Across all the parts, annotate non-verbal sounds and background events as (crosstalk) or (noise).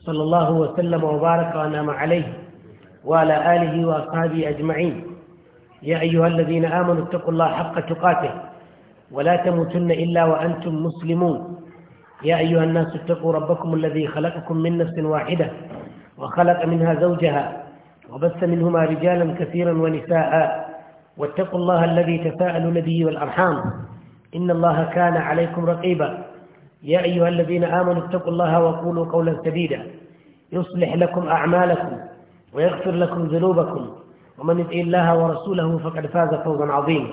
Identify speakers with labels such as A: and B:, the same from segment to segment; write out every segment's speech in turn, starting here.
A: صلى الله وسلم وبارك وانعم عليه وعلى آله وأصحابه أجمعين يا أيها الذين آمنوا اتقوا الله حق تقاته ولا تموتن إلا وأنتم مسلمون يا أيها الناس اتقوا ربكم الذي خلقكم من نفس واحدة وخلق منها زوجها وبث منهما رجالا كثيرا ونساء واتقوا الله الذي تساءلون به والأرحام إن الله كان عليكم رقيبا يا أيها الذين آمنوا اتقوا الله وقولوا قولا سديدا يصلح لكم أعمالكم ويغفر لكم ذنوبكم ومن يطع الله ورسوله فقد فاز فوزا عظيما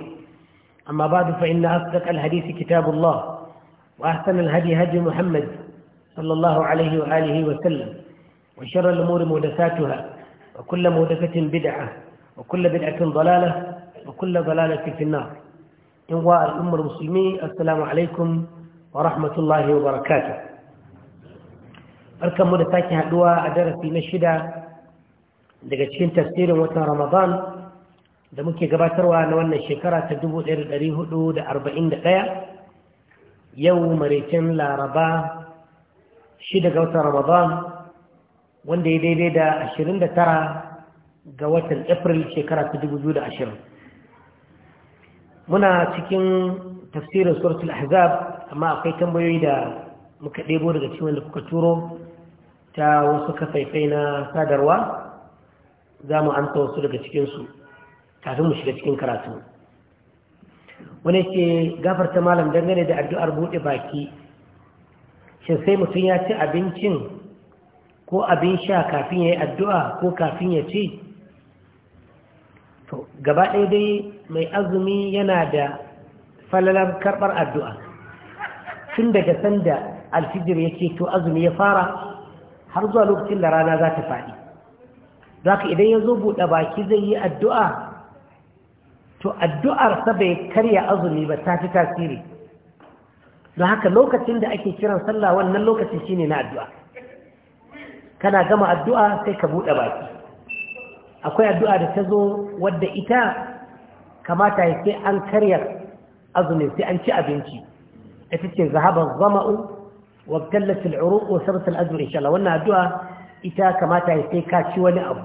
A: أما بعد فإن أصدق الحديث كتاب الله وأحسن الهدي هدي محمد صلى الله عليه وآله وسلم وشر الأمور مهدساتها وكل مهدسة بدعة وكل بدعة ضلالة وكل ضلالة في النار إنواء الأمة المسلمين السلام عليكم ورحمة الله وبركاته barkanmu da sake haduwa a darasi na shida daga cikin tafsirin watan ramadan da muke gabatarwa na wannan shekara ta 1441 yau maraicin laraba shida ga watan ramadan wanda ya daidai da 29 ga watan april shekara ta 2020 muna cikin tafsirin suratul ahzab amma akwai tambayoyi da muka ɗebo daga cikin wanda kuka turo ta wasu kafaifai na sadarwa za mu amsa wasu daga cikinsu kafin mu shiga cikin karatu wani ce gafarta malam dangane da addu'ar buɗe baki shin sai mutum ya ci abincin ko abin sha kafin ya yi addu'a ko kafin ya ci to gaba ɗaya dai mai azumi yana da falalar karɓar addu'a tun daga sanda alfijir ya ce to azumi ya fara har zuwa lokacin da rana za ta faɗi za ka idan ya zo buɗe baki zai yi addu'a to addu'arsa bai karya azumi ba ta fi tasiri don haka lokacin da ake kiran sallah wannan lokacin shine na addu'a kana gama addu'a sai ka buɗe baki akwai addu'a da ta zo wadda ita kamata ya sai an karya azumin sai an ci abinci ita ce zahabar zama'u وقلت العروق وثبت الأزمر إن شاء الله وأن الدعاء إتا كما تهيسي كاتشي ولا أبو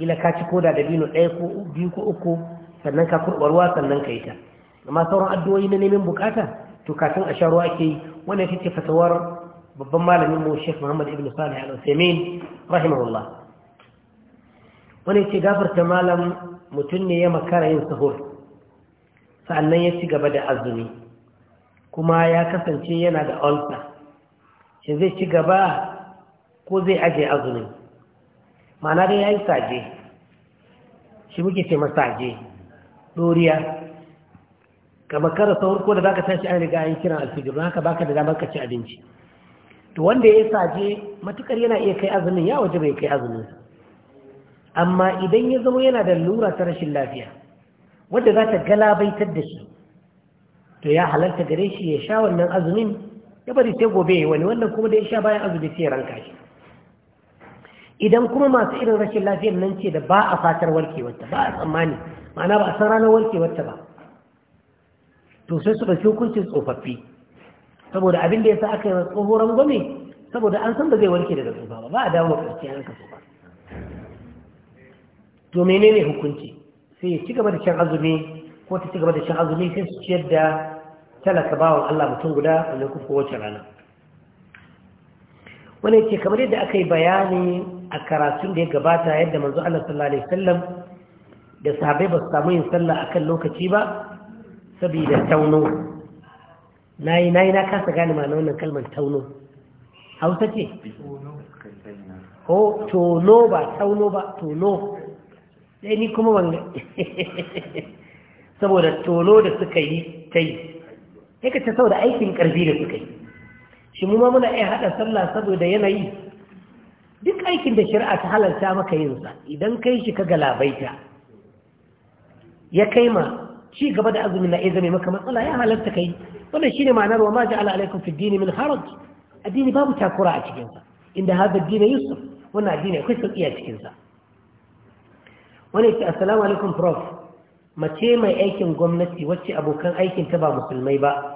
A: إلا كاتشي كودا دبينو ɗaya بيوكو أكو sannan ka kurɓa sannan ka ta amma sauran addu'o'i na neman bukata to kafin a sha ruwa ake yi wanda ita ce fatawar babban malamin mu Sheikh Muhammad Ibn Salih Al-Uthaymeen rahimahullah wani ce gafarta malam mutum ne ya makara yin sahur sa'annan ya ci gaba da azumi kuma ya kasance yana da ulcer shi zai ci gaba ko zai aje azumin ma'ana dai ya yi saje shi muke ce masaje Doriya, ka makara saurin ko da za ka tashi an riga an kiran alfijir don haka baka da damar ka ci abinci to wanda ya yi saje matukar yana iya kai azumin ya waje bai kai azumin amma idan ya zama yana da lura ta rashin lafiya wadda za ta galabaitar da shi to ya halarta gare shi ya sha wannan azumin ya bari sai gobe ya wani wannan kuma da ya sha bayan azumi sai ranka shi idan kuma masu irin rashin lafiyar nan ce da ba a fatar warkewarta ba a tsammani ma'ana ba a san ranar warkewarta ba to sai su ɗauki hukuncin tsofaffi saboda abin da ya sa aka yi tsohoron gwamnati saboda an san da zai warke daga tsufa ba ba a dawo makarci an ka tsofa to menene hukunci sai ya ci gaba da shan azumi ko ta ci gaba da shan azumi sai su ciyar da talaka bawa Allah mutum guda sannan kuma wacce rana wani ce kamar yadda aka yi bayani a karatun da ya gabata yadda manzo Allah sallallahu alaihi wasallam da sahabbai ba su samu yin sallah akan lokaci ba saboda tauno nayi nayi na kasa gane ma wannan kalmar tauno Hausa ce ko tono ba tauno ba tono sai ni kuma wanga (laughs) saboda tono da suka yi ta yi sai ka ce da aikin ƙarfi da suka yi shi mu ma muna iya haɗa sallah saboda yanayi duk aikin da shari'a ta halarta maka yinsa, idan kai shi ka labaita. ya kai ma ci gaba da azumin na izami maka matsala ya halarta kai wannan shine ma'anar wa ma ja'ala alaikum fi dini min haraj addini babu takura a cikin sa inda hadha addini yusuf wannan addini akwai sauki a cikin sa wani ce assalamu alaikum prof mace mai aikin gwamnati wacce abokan aikin ta ba musulmai ba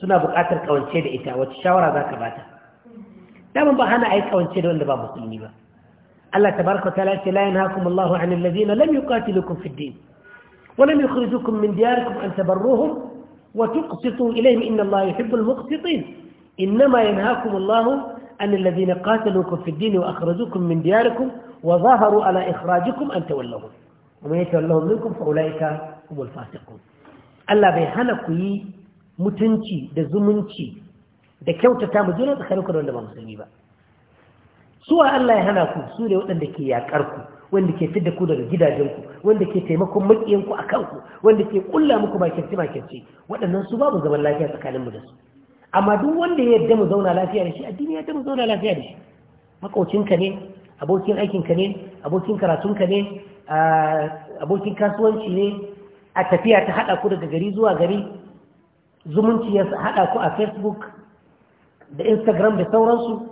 A: suna buƙatar kawance da ita wacce shawara za ka bata daman ba hana a yi kawance da wanda ba musulmi ba Allah ta wa ta'ala ce la yanhaakum Allahu 'anil ladhina lam yuqatilukum fid din wa lam yukhrijukum min diyarikum an tabarruhum wa tuqsitu ilayhim inna Allaha yuhibbul muqsitin إنما ينهاكم الله mutunci da zumunci da kyautata mu juna tsakaninku da wanda ba sani ba wa Allah ya hana ku su ne waɗanda ke yaƙar ku wanda ke fidda ku daga gidajenku wanda ke taimakon ku a kanku wanda ke ƙulla muku makirci makirci waɗannan su babu zaman lafiya tsakaninmu da su amma duk wanda ya yadda mu zauna lafiya da shi addini ya yadda mu zauna lafiya da shi ka ne abokin aikinka ne abokin karatunka ne abokin kasuwanci ne a tafiya ta haɗa ku daga gari zuwa gari zumunci ya haɗa ku a facebook da instagram da sauransu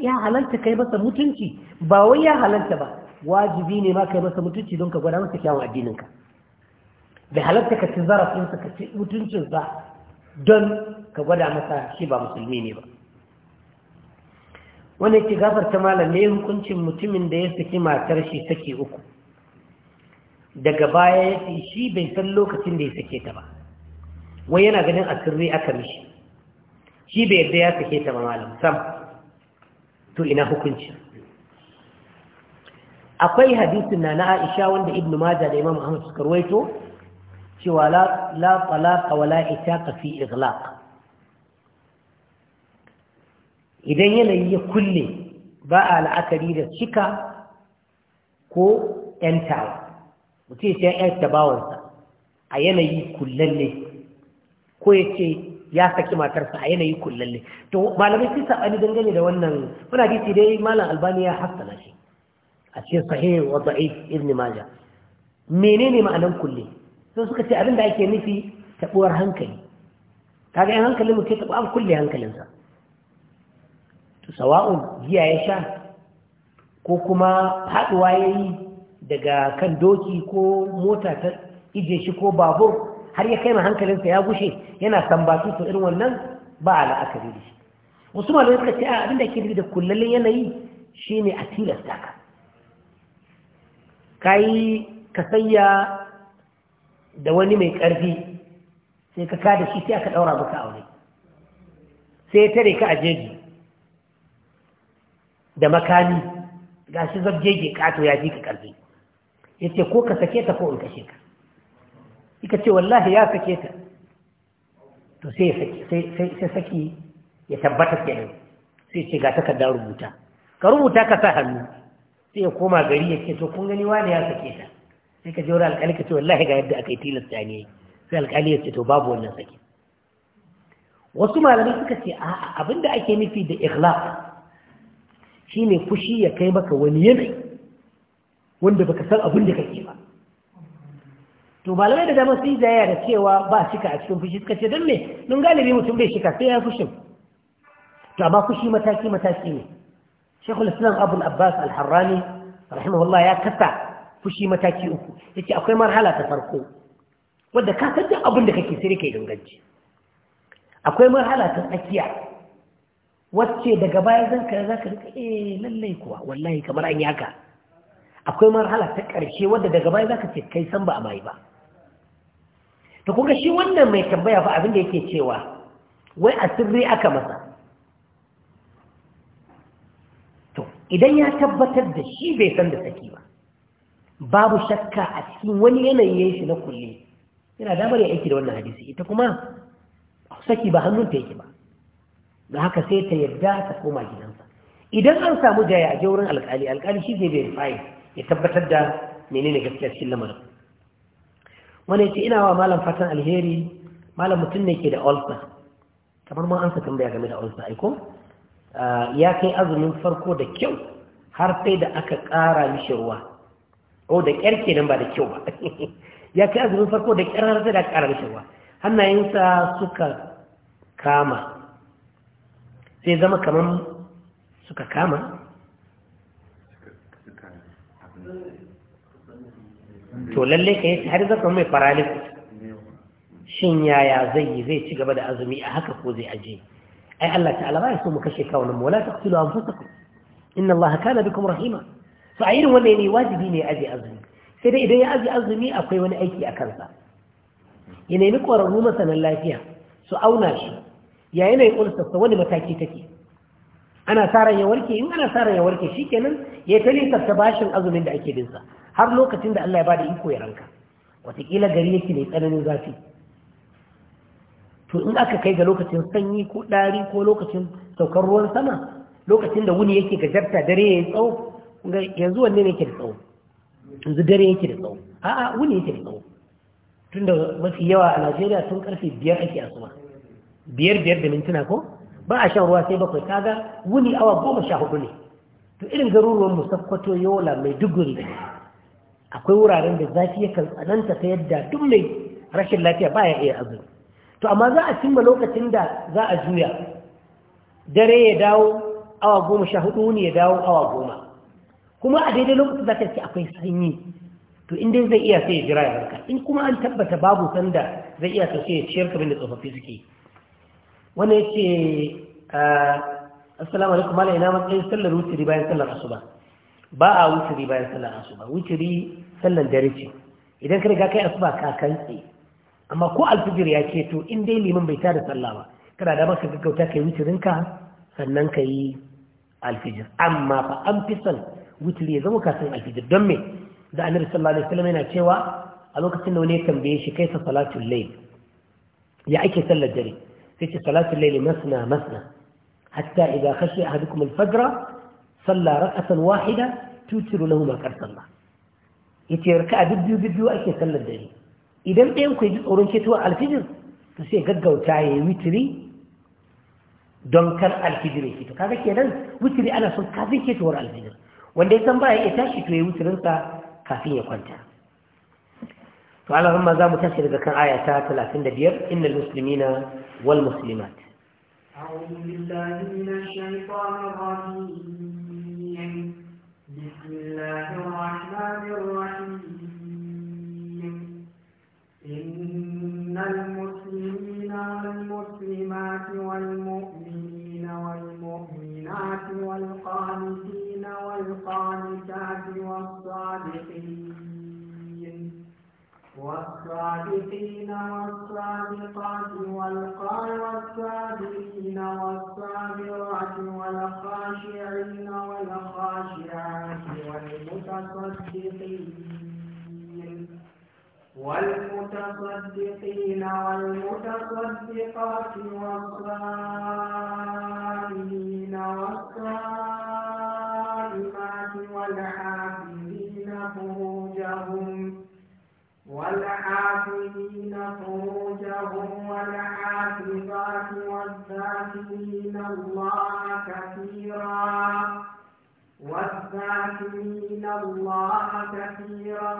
A: ya halarta kai masa mutunci ba wai ya halarta ba wajibi ne ma kai masa mutunci don ka gwada masa kyawun addininka da halarta ka ci zarafinsa ka ci mutuncinsa don ka gwada masa shi ba musulmi ne ba Wani ke ta malam ne hukuncin mutumin da ya saki matar shi take uku daga baya ya ce shi bai san lokacin da ya sake ta ba wai yana ganin a sirri aka mishi shi bai yadda ya sake ta mamalin sam to ina hukunci akwai hadisin na na Aisha wanda Ibn maja da Imam Ahmad suka ruwaito cewa la la ita wala itaqa fi ighlaq idan yanayi ya kulle ba a la'akari da cika ko tawa mutum ya ‘yanta bawansa a yanayi ne. ko ya ce ya saki matarsa a yanayi kullalle to malamai sun ni dangane da wannan muna gici dai malam albani ya hassana shi a cikin sahih wa da'if ibn majah menene ma'anan kulle sai suka ce abin da ake nufi tabuwar hankali kaga yan hankalin mutum tabu an kulle hankalinsa to sawa'un giya ya sha ko kuma ya yayi daga kan doki ko mota ta ije shi ko babur har ya kai hankalinsa ya gushe yana sambatu to irin wannan ba a la'akari da shi wasu malamai suka ce a abin da ke da kullallin yanayi shine a tilasta ka ka kasayya da wani mai ƙarfi sai ka kada shi sai aka ɗaura maka aure sai tare ka a jeji da makami ga shi zabjege ƙato ya ji ka ƙarfi ya ce ko ka sake ta ko in kashe ka ika ce wallahi ya sake ta to sai saki ya tabbata ke nan sai ce ga takardar rubuta ka rubuta ka sa hannu sai ya koma gari ya ce to kun gani wani ya sake ta sai ka jira alƙali ka ce wallahi ga yadda aka yi tilasta ne sai alƙali ya ce to babu wannan saki. wasu malamai suka ce a'a abinda ake nufi da ikhlas shine fushi ya kai maka wani yanayi wanda baka san abin da kai to malamai da dama sun zaya da cewa ba shika a cikin fushi suka ce don me don galibi mutum bai shika sai ya fushin to amma fushi mataki mataki ne shekul islam abul abbas al-harrani rahimahullah ya kasa fushi mataki uku yace akwai marhala ta farko wadda ka san duk abin da kake sai kai danganci akwai marhala ta tsakiya wacce daga baya zan ka zaka rika eh lallai kuwa wallahi kamar an yaka akwai marhala ta ƙarshe wadda daga baya zaka ce kai san ba a mai ba to kuka shi wannan mai tambaya fa abinda yake cewa wai a sirri aka masa to idan ya tabbatar da shi bai san da saki ba babu shakka a cikin wani yanayi yanayin shi na kulle yana damar ya aiki da wannan hadisi ita kuma saki ba hannunta ta yake ba ga haka sai ta yarda ta koma gidansa idan an samu jaya a wurin alkali alkali shi zai bai fayi ya tabbatar da menene gaskiya cikin lamarin wani ce ina wa malam fatan alheri malam mutum ne ke da ulcer kamar ma an sa tambaya game da ulcer aiko ah, ya kai azumin farko da kyau har sai da aka ƙara mishi ruwa o oh, da ƙyar kenan ba da kyau ba (laughs) ya kai azumin farko da ƙyar har sai da aka ƙara mishi ruwa hannayensa suka kama sai zama kamar suka kama to lalle ka yi har zaka mai paralysis shin yaya zai yi zai ci gaba da azumi a haka ko zai aje ai Allah ta'ala ba ya so mu kashe kawunan mu wala taqtulu anfusakum inna Allah kana bikum rahima to a irin wannan ne wajibi ne aje azumi sai dai idan ya aje azumi akwai wani aiki a kansa ya nemi ƙwararru masanan lafiya su auna shi ya yanayin ulsarsa wani mataki take ana sa ran ya warke in ana sa ran ya warke shikenan ya yi ta bashin azumin da ake binsa har lokacin da Allah ya bada iko ya ranka watakila gari yake ne tsananin zafi to in aka kai ga lokacin sanyi ko ɗari ko lokacin saukar ruwan sama lokacin da wuni yake gajarta dare ya yi tsawo yanzu wanne ne yake da tsawo yanzu dare yake da tsawo a'a wuni yake da tsawo tun da mafi yawa a najeriya tun karfe biyar ake asuwa biyar biyar da mintuna ko ba a shan ruwa sai bakwai kaga wuni awa goma sha hudu ne to irin garuruwan mu sakkwato yola mai duguri akwai wuraren da zafi yakan tsananta ta yadda duk mai rashin lafiya ba ya iya azu to amma za a cimma lokacin da za a juya dare ya dawo awa goma sha hudu ne ya dawo awa goma kuma a daidai lokacin za ka ce akwai sanyi to inda zai iya sai ya jira ya barka in kuma an tabbata babu sanda zai iya to sai ya ciyar kamar da tsofaffi suke wani ya ce ah, assalamu alaikum malam ina matsayin sallar wutiri bayan sallar asuba ba a wuturi bayan sallar asuba wuturi sallar dare ce idan ka riga kai asuba ka kantse amma ko alfijir ya ce to in dai liman bai tada sallah ba kana da maka gaggauta kai wuturin ka sannan ka yi alfijir amma fa an fi son wuturi ya zama kafin alfijir don me da annabi sallallahu alaihi wasallam yana cewa a lokacin da wani ya tambaye shi kai sa salatul layl ya ake sallar dare sai ce salatul layl masna masna hatta idza khashiya ahadukum al-fajr صلى ركعة واحدة توتر له ما قد صلى yace raka'a bibbiyu bibbiyu ake sallar dare idan ɗayan ku ji tsoron cewa alfijir to sai gaggauta ya yi witiri don kar alfijir yake to kaga kenan witiri ana son kafin ketowar alfijir wanda ya san ba ya tashi to ya witirin kafin ya kwanta to Allah za mu tashi daga kan aya ta 35 innal muslimina wal
B: أعوذ بالله من الشيطان الرجيم بسم الله الرحمن الرحيم إن والصادقين والصادقات والقال والصابرين والصابرات والخاشعين والخاشعات والمتصدقين والمتصدقين والمتصدقات والصائمين والصائمات والحاجين والحافظين فروجهم والحافظات والذاكرين الله كثيرا والذاكرين الله كثيرا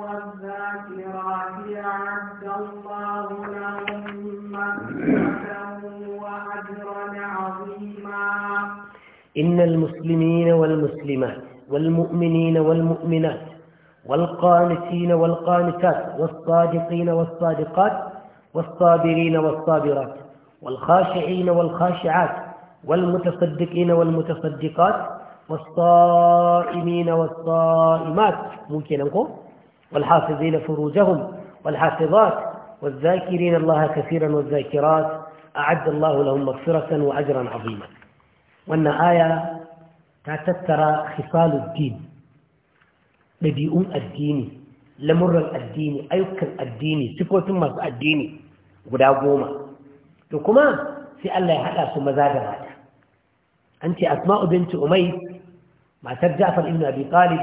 B: والذاكرات أعد الله لهم مغفرة وأجرا عظيما
A: إن المسلمين والمسلمات والمؤمنين والمؤمنات والقانتين والقانتات والصادقين والصادقات والصابرين والصابرات والخاشعين والخاشعات والمتصدقين والمتصدقات والصائمين والصائمات ممكن نقول والحافظين فروجهم والحافظات والذاكرين الله كثيرا والذاكرات أعد الله لهم مغفرة وأجرا عظيما وأن آية تتترى خصال الدين ɗabi'un addini lamurran addini ayyukan addini sifofin masu addini guda goma to kuma sai Allah ya haɗa su maza da mata an ce asma'u binti umai matar Ja'far ibn Abi Talib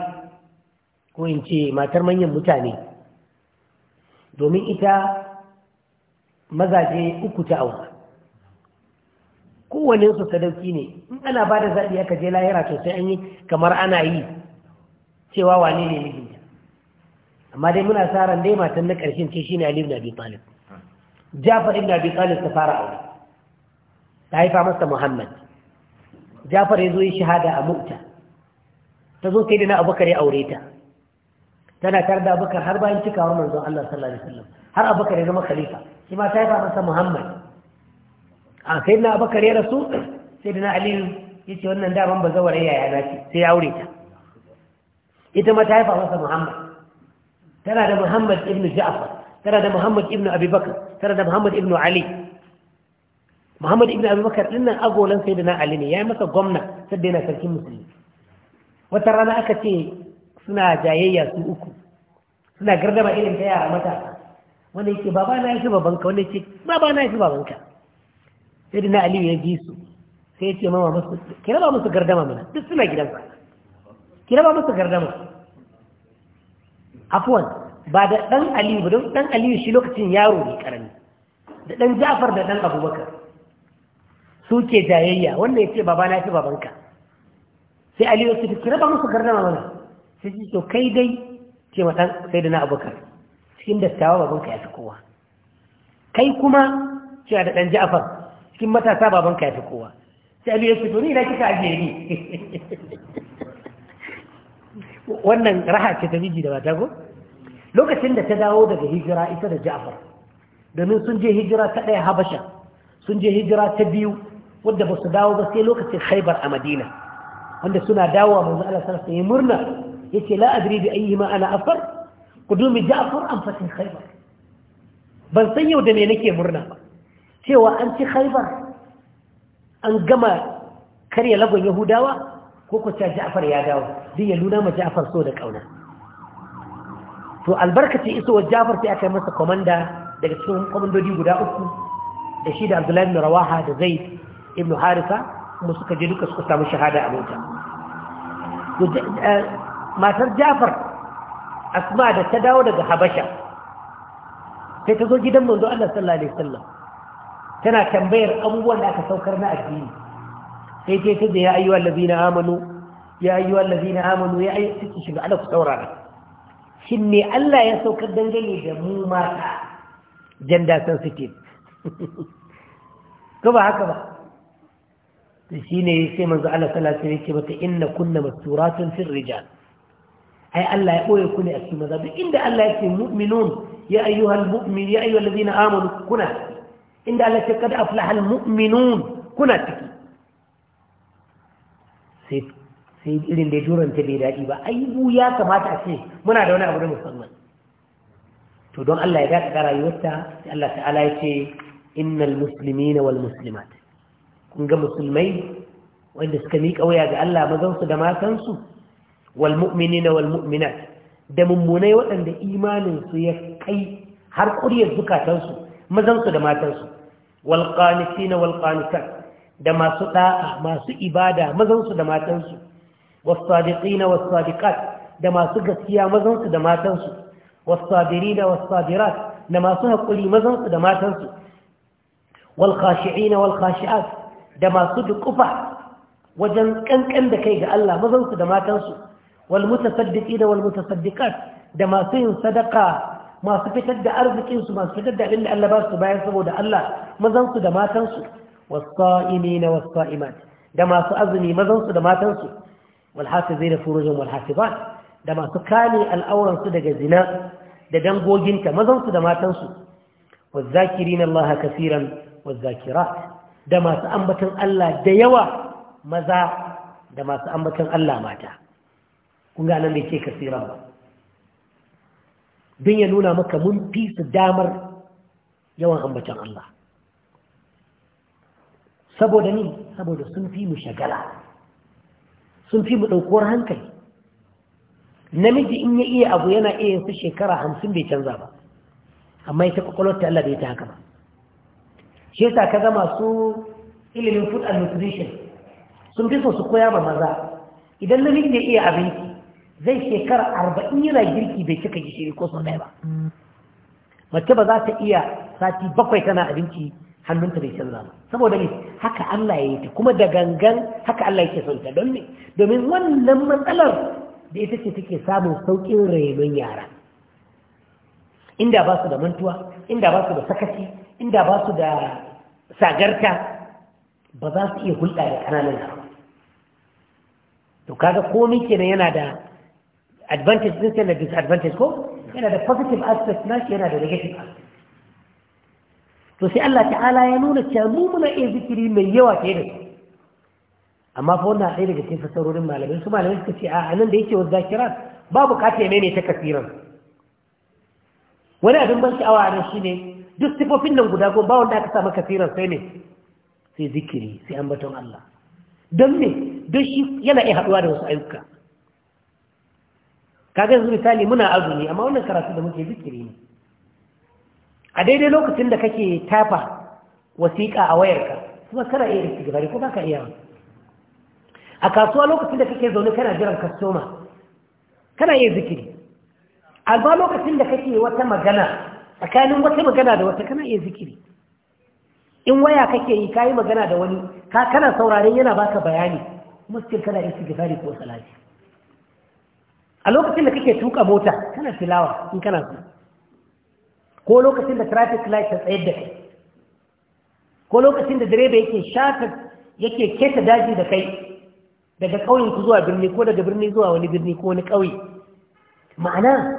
A: ko in ce matar manyan mutane domin ita mazaje uku ta aura kowane su sadauki ne in ana ba da zaɓi aka je lahira to sai an yi kamar ana yi cewa wane ne mijinta amma dai muna sa ran dai matan na ƙarshen ce shine Ali ibn Abi Talib Jafar ibn Abi Talib ta fara aure ta haifa masa Muhammad Jafar ya zo yi shahada a Mu'ta ta zo kai da na Abubakar ya aure ta tana tar da Abubakar har bayan cikawar manzon Allah sallallahu alaihi wasallam har Abubakar ya zama khalifa shi ma ta haifa masa Muhammad a kai na Abubakar ya rasu sai da na Ali ya ce wannan daman ba zawar yaya na ce sai ya aure ta ita ma ta haifa masa muhammad tana da muhammad ibn ja'far tana da muhammad ibn abubakar tana da muhammad ibn ali muhammad ibn abubakar din nan agolan sai da na ali ne ya yi masa gwamna sai yana sarkin musulmi wata rana aka ce suna jayayya su uku suna gardama irin ta yara mata wanda yake baba na yafi babanka wanda yake baba na yake babanka sai da na aliyu ya ji su sai ya ce mama musu kira ba musu gardama mana duk suna gidansa ki raba masa gardama afwan ba da dan aliyu don dan aliyu shi lokacin yaro ne karami da dan jafar da dan abubakar su ke jayayya wannan ya ce baba na fi babanka sai aliyu ce, kina ba masa gardama mana sai ji to kai dai ce matan sai da na abubakar cikin dattawa babanka ya fi kowa kai kuma cewa da dan jafar cikin matasa babanka ya fi kowa sai aliyu ce, to ni na kika ajiye ni (laughs) wannan raha ce ta miji da mata ko lokacin da ta dawo daga hijira ita da Ja'far domin sun je hijira ta ɗaya Habasha sun je hijira ta biyu wadda ba su dawo ba sai lokacin Khaibar a Madina wanda suna dawowa manzo Allah sallallahu alaihi wasallam murna ce la da bi ayyima ana afar qudumi Ja'far an fatin Khaibar ban san yau da me nake murna ba cewa an ci Khaibar an gama karya lagon Yahudawa ko ku cewa ja'far ya dawo duk ya nuna ma ja'far so da kauna to albarkacin isowar ja'far sai aka yi masa komanda daga cikin komandodi guda uku da shi da abdullahi ibn rawaha da zaid ibn harisa kuma suka je duka suka samu shahada a mota matar ja'far asma da ta dawo daga habasha sai ta zo gidan manzo Allah sallallahu alaihi wasallam tana tambayar abubuwan da aka saukar na addini sai ce ta zai ayyuwa lazina amanu ya yi wallazi na amonu ya yi suke shiga ala ku saurara shi ne Allah ya saukar dangane da mu mata gender sensitive ko ba haka ba shi ne sai manzo Allah sallallahu alaihi wasallam ce mata inna kunna masturatun fil rijal ai Allah ya boye ku ne a cikin maza duk inda Allah ya ce mu'minun ya ayyuhal mu'min ya ayyuhal ladina amanu kuna inda Allah ya ce kad aflahal mu'minun kuna ciki sai sai irin da ya turanta bai daɗi ba aibu ya kamata a ce muna da wani abu da musamman to don Allah ya daɗa ga rayuwarta sai Allah ta'ala ya ce innal muslimina wal muslimat kun ga musulmai wanda suka miƙa waya ga Allah su da matansu wal mu'minina wal mu'minat da mummunai waɗanda imaninsu ya kai har su mazan mazansu da matansu wal qanitina wal qanitat da masu da'a masu ibada mazansu da matansu والصادقين والصادقات دما سقسيا مزنس دما تنسو والصابرين والصابرات دما سهقلي مزنس دما تنسو والخاشعين والخاشعات دما سدقفع وجن كن كن دكيغ الله مزنس دما تنسو والمتصدقين والمتصدقات دما سين صدقا ما سفتد أرزقين ما سفتد إلا ألا باسو باين سبو دا الله مزنس دما تنسو والصائمين والصائمات دما سأزني مزنس دما تنسو والحافظين فروجهم والحافظات da masu kame al'auransu daga zina da dangoginta mazansu da matansu والذاكرين الله كثيرا والذاكرات da masu ambatan Allah da yawa maza da masu ambatan Allah mata kun ga nan da yake kasiran ba don ya nuna maka mun fi su damar yawan ambatan Allah saboda ni saboda sun fi mu shagala sun fi mu ɗaukuwar hankali namiji in ya iya abu yana iya su shekara hamsin bai canza ba amma ita kwakwalwar ta Allah bai ta haka ba shi yasa ka zama masu ilimin food and nutrition sun fi so su koya ba maza idan namiji ya iya abinci zai shekara arba'in yana girki bai cika gishiri ko sau ba mace ba za ta iya sati bakwai tana abinci hannunta bai canza ba saboda ne haka Allah ya yi ta kuma da gangan haka Allah yake son ta don ne domin wannan matsalar da ita ce take samun saukin rayuwar yara inda ba su da mantuwa inda ba su da sakaci inda ba su da sagarta ba za su iya hulɗa da ƙananan yara to kaga komai kenan yana da advantage din sai na disadvantage ko yana da positive aspect nashi yana da negative aspect to sai Allah ta'ala ya nuna cewa mu muna iya zikiri mai yawa ke da amma fa wannan ɗaya daga cikin fasarorin malamai su malamai suka ce a nan da yake wa kira babu bukata mene ta kafiran wani abin ban sha'awa nan shine duk sifofin nan guda goma ba wanda aka samu maka kafiran sai ne sai zikiri sai ambaton Allah don me don shi yana iya haɗuwa da wasu ayyuka kaga yanzu misali muna azumi amma wannan karatu da muke zikiri ne a daidai lokacin da kake tafa wasiƙa a wayarka kuma kana iya istighfari ko baka iya a kasuwa lokacin da kake zaune kana jiran kastoma kana iya zikiri alba lokacin da kake wata magana tsakanin wata magana da wata kana iya zikiri in waya kake yi kayi magana da wani ka kana sauraren yana baka bayani kuma kana kana istighfari ko salati a lokacin da kake tuka mota kana tilawa in kana so ko lokacin da traffic light ta tsayar da kai ko lokacin da direba yake shata yake keta daji da kai daga ƙauyen ku zuwa birni ko daga birni zuwa wani birni ko wani ƙauye ma'ana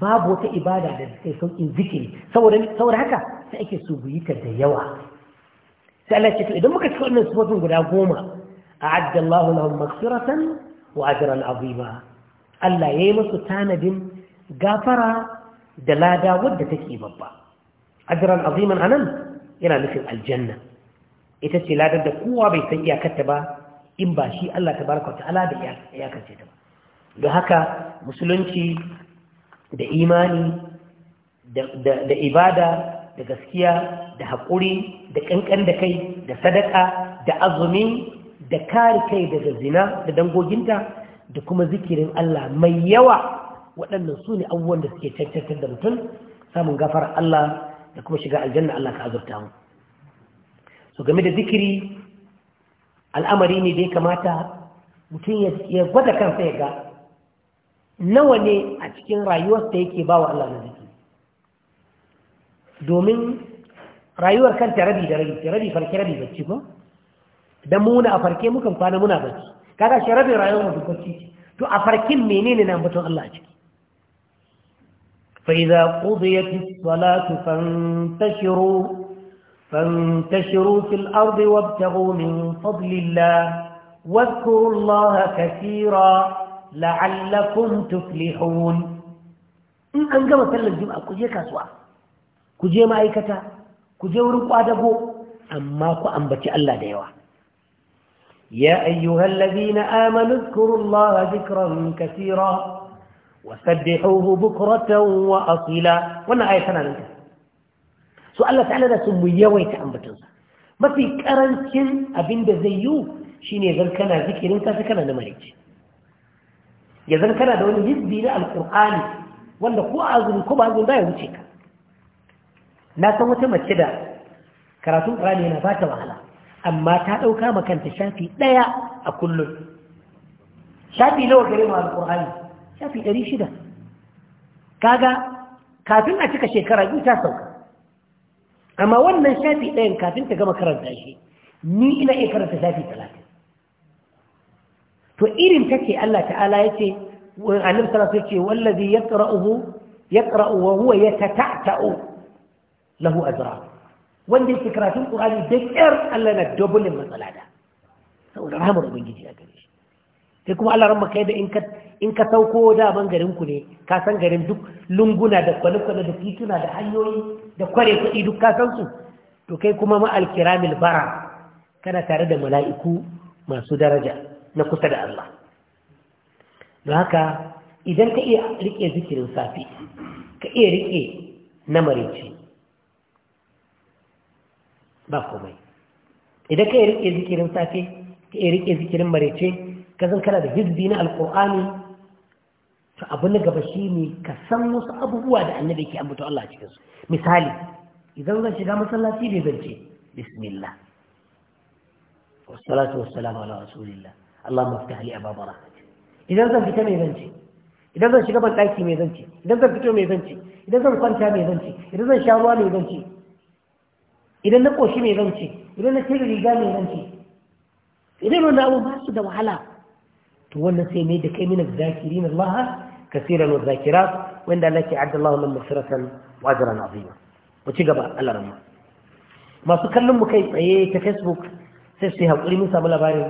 A: babu wata ibada da sai sauƙin zikiri saboda haka sai ake suguyita da yawa sai Allah ce to idan muka cika wannan sifofin guda goma a Allahu lahum maghfiratan wa ajran azima Allah yayi musu tanadin gafara da lada wadda take babba ajran aziman anan yana nufin aljanna ita ce ladar da kowa bai san iyakarta ba in ba shi Allah tabaraka wa ta'ala da iyakarce ta ba da haka musulunci da imani da ibada da gaskiya da haƙuri da ƙanƙan da kai da sadaka da azumi da kare kai daga zina da dangoginta da kuma zikirin Allah mai yawa waɗannan su ne abubuwan da suke tattattar da mutum samun gafar Allah da kuma shiga aljanna Allah ka azurta mu so game da zikiri al'amari ne da ya kamata mutum ya gwada kansa ya ga nawa ne a cikin da yake ba wa Allah na zikiri domin rayuwar ta rabi da rabi rabi farke rabi bacci ba dan muna a farke mukan kwana muna bacci kaga shi rabin rayuwar mutum bacci to a farkin menene na mutum Allah a ciki فإذا قضيت الصلاة فانتشروا فانتشروا في الأرض وابتغوا من فضل الله واذكروا الله كثيرا لعلكم تفلحون إن أنجب صلى الجمعة كجي كسوة كجي مائكة كجي ورقوا أدبوا أما كأنبتي الله ديوه يا أيها الذين آمنوا اذكروا الله ذكرا كثيرا وسبحوه بكرة وأصيلا وانا آية سنة لك سؤال الله تعالى سمو يوي تأمبتنسا ما في كرنكين أبين بزيو شيني ذلكنا ذكرين كاسكنا نمريج يذلكنا دون يزدين القرآن وانا قوة عزم كوبة عزم داية وشيكا ناسا متما تدا كراتون قراني نفات وعلا أما تعالوا كاما كانت شافي لا يا أكل شافي لو كريم على القرآن shafi ɗari shida kaga kafin a cika shekara biyu ta sauka amma wannan shafi ɗayan kafin ta gama karanta shi ni ina iya karanta shafi talatin to irin ta ce Allah ta'ala ya ce annabi sallallahu alaihi wasallam ya ce wallazi yaqra'uhu yaqra'u wa huwa yatata'u lahu ajra wanda yake karatun Qur'ani da kyar Allah na dubulin matsala da saboda rahmar ubangiji a gare shi sai kuma Allah ran maka da in ka in ka sauko garin garinku ne ka san garin duk lunguna da kwale-kwale da tituna da hanyoyi da kware kuɗi duk ka san su to kai kuma ma'al kiramil bara kana tare da mala'iku masu daraja na kusa da Allah don haka idan ka iya rike zikirin safi ka iya rike na marici ba komai idan ka iya rike zikirin safi ka iya rike zikirin marici ka zan kana da hizbi na alkur'ani abu na gaba shi ne ka san wasu abubuwa da annabi ke ambata Allah cikin su misali idan zan shiga masallaci ne zan ce bismillah wassalatu wassalamu ala rasulillah Allahumma iftah hali ababa rahmatik idan zan fita mai zan ce idan zan shiga ban ɗaki mai zan ce idan zan fito mai zan ce idan zan kwanta mai zan ce idan zan sha ruwa mai zan ce idan na koshi mai zan ce idan na cire riga mai zan ce idan wani abu ba su da wahala to wannan sai mai da kai mina na Allah كثيرا والذاكرات وإن التي عد الله من مغفرة وأجرا عظيما وتجب على رمى ما تكلم مكي tsaye ta سيسيها وقولي موسى بلا باري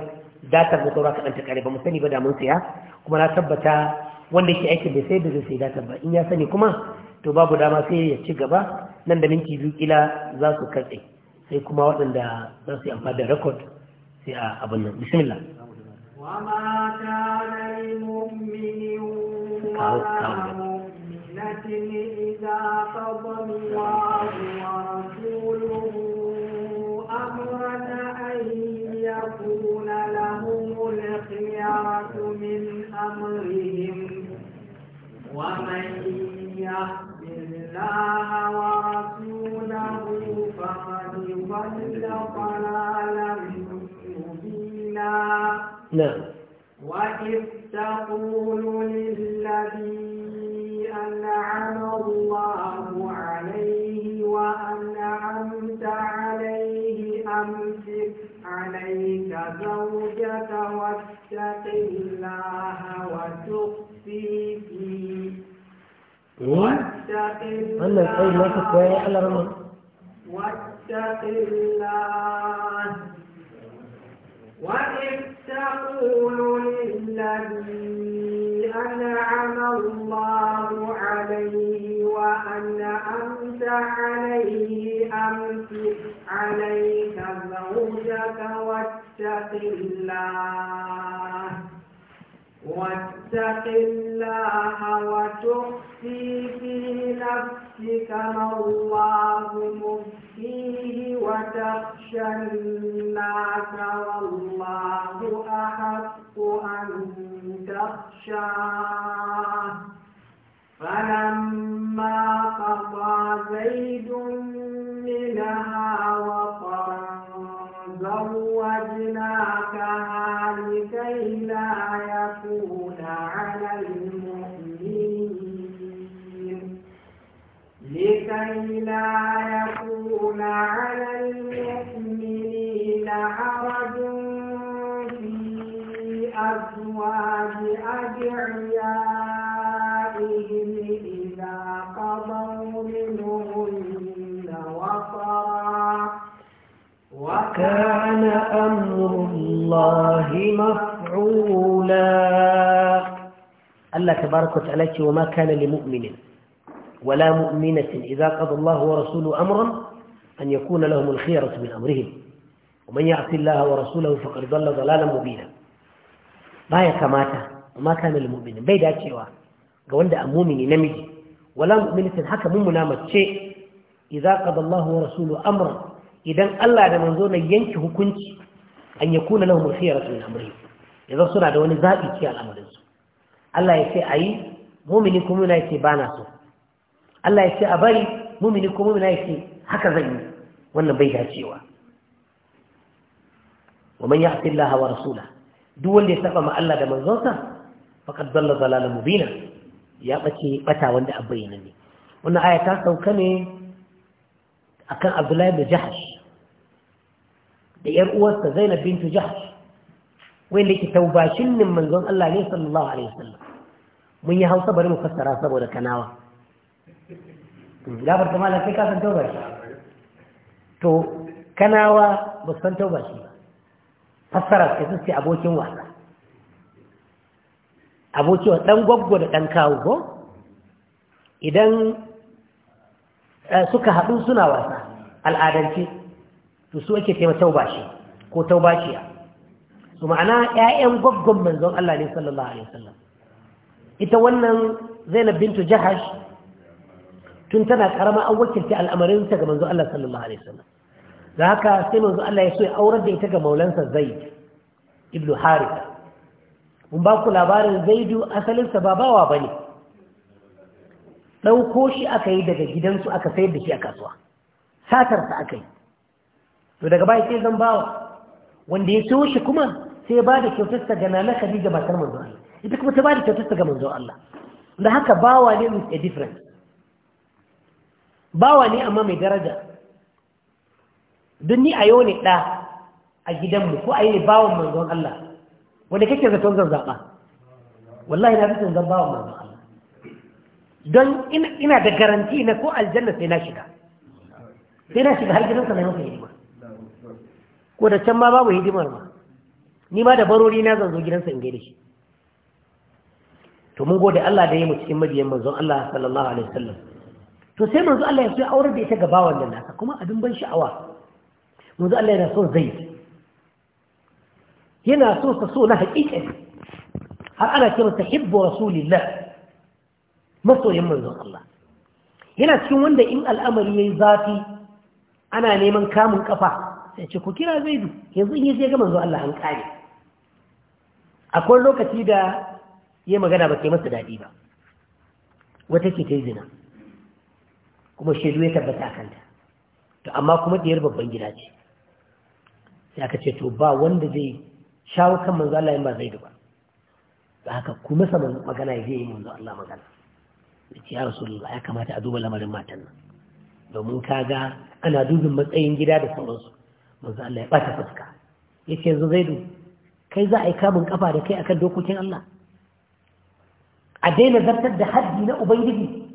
A: datar da saura kaɗan ta kare ba mu sani ba da mun kuma na tabbata wanda yake aikin bai sai da zai sai datar ba in ya sani kuma to babu dama sai ya ci gaba nan da minti biyu kila za su katse sai kuma waɗanda za su yi amfani da rekod sai a abin nan bismillah
B: ولا مؤمنة إذا قضى الله ورسوله أمرا أن يكون لهم الخيارة من أمرهم ومن يحب الله ورسوله فقد ضل ضلالا مبينا نعم وإذ تقول للذي أنعم الله عليه وأنعمت عليه أمسك عليك زوجك واتق الله وتخفي فيه واتق الله واتق الله
A: وإذ
B: تقول للذي أنعم الله عليه وأنعمت عليه أمسك عليك زوجك واتق الله واتق الله وتخفي في نفسك ما الله مخفيه وتخشى الناس والله أحق أن تخشاه فلما قضى زيد منها وقال وزوجناكها لكي لا يكون على المؤمنين لكي لا يكون على المؤمنين حرج في أزواج أدعيائهم إذا قضوا وكان
A: أمر الله مفعولا الله تبارك وتعالى وما كان لمؤمن ولا مؤمنة إذا قضى الله ورسوله أمرا أن يكون لهم الخيرة من أمرهم ومن يعصي الله ورسوله فقد ضل ضلالا مبينا baya kamata amma kana lil bai dacewa ga wanda a mu'mini namiji wala mu'minatin haka mummuna mace idza qada Allahu wa rasuluhu amra idan Allah da manzo na yanki hukunci an yakuna lahum khiyaratu min amri idan suna da wani zabi ci al'amarin su Allah ya ce ayi mu'mini kuma yana yake bana so Allah ya ce a bari mu'mini kuma ya yake haka zan yi wannan bai dacewa wa man ya'ti Allah wa rasula duk wanda ya saba ma Allah da manzonsa faqad dalla dalalan mubina ya bace bata wanda abayyana ne wannan aya ta sauka ne akan Abdullahi da Jahash da ‘yar uwarsa Zainab bintu Jahsh wanda yake taubashin nin manzon Allah ne sallallahu alaihi wasallam mun yi Hausa bari mu fassara saboda kanawa da hmm, ta malam kai ka san taubashi to kanawa ba san taubashi ba fassara sai su ce abokin wasa aboki wa dan gwaggo da dan kawo ko idan eh, suka haɗu suna wasa al'adance to su ake kai tauba shi ko tauba shi su ma'ana ƴaƴan gwaggon manzon Allah ne sallallahu alaihi wasallam ita wannan Zainab bintu Jahash tun tana karama an wakilta al'amarin ta ga manzon Allah sallallahu alaihi wasallam da haka sai manzon Allah ya so ya aurar da ita ga maulansa Zaid ibn Haritha mun ba ku labarin Zaidu asalinsa ba bawa bane ɗauko shi aka yi daga gidansu aka sayar da shi a kasuwa satarsa aka yi to daga baya sai zan bawa wanda ya ciwo shi kuma sai ba da kyautarsa ga nana Khadija matar manzo Allah ita kuma ta ba da kyautarsa ga manzo Allah da haka bawa ne with a different. bawa ne amma mai daraja don ni a yau ne ɗa a gidanmu ko a yi ne bawan manzon Allah wanda kake zato zan zaɓa wallahi na zaton zan bawan manzon Allah don ina da garanti na ko aljanna sai na shiga sai na shiga har gidansa na yau sai yi ba ko ma babu hidimar ma ni ma da barori na zan zo gidansa in gaida shi to mun gode Allah da ya mu cikin mabiyan manzon Allah sallallahu alaihi wasallam to sai manzo Allah ya so aure da ita gaba wannan naka kuma abin ban sha'awa manzo Allah yana so zai yana so ta so na haƙiƙa har ana ce masa hibbu rasulillah masoyin manzo Allah yana cikin wanda in al'amari yayi zafi ana neman kamun kafa sai ce ku kira zaidu yanzu in yaje ga manzo Allah an kare akwai lokaci da yayi magana ba kai masa dadi ba wata ke ta zina kuma shaidu ya tabbata kanta to amma kuma diyar babban gida ce sai aka ce to ba wanda zai shawo kan manzo Allah in ba zaidu ba da haka kuma sa magana zai yi manzo Allah magana da ce ya rasulullah ya kamata a duba lamarin matan nan domin kaga ana dubin matsayin gida da sauransu manzo Allah ya bata fuska yake yanzu zaidu kai za a yi kamun kafa da kai akan dokokin Allah a daina zartar da haddi na ubangiji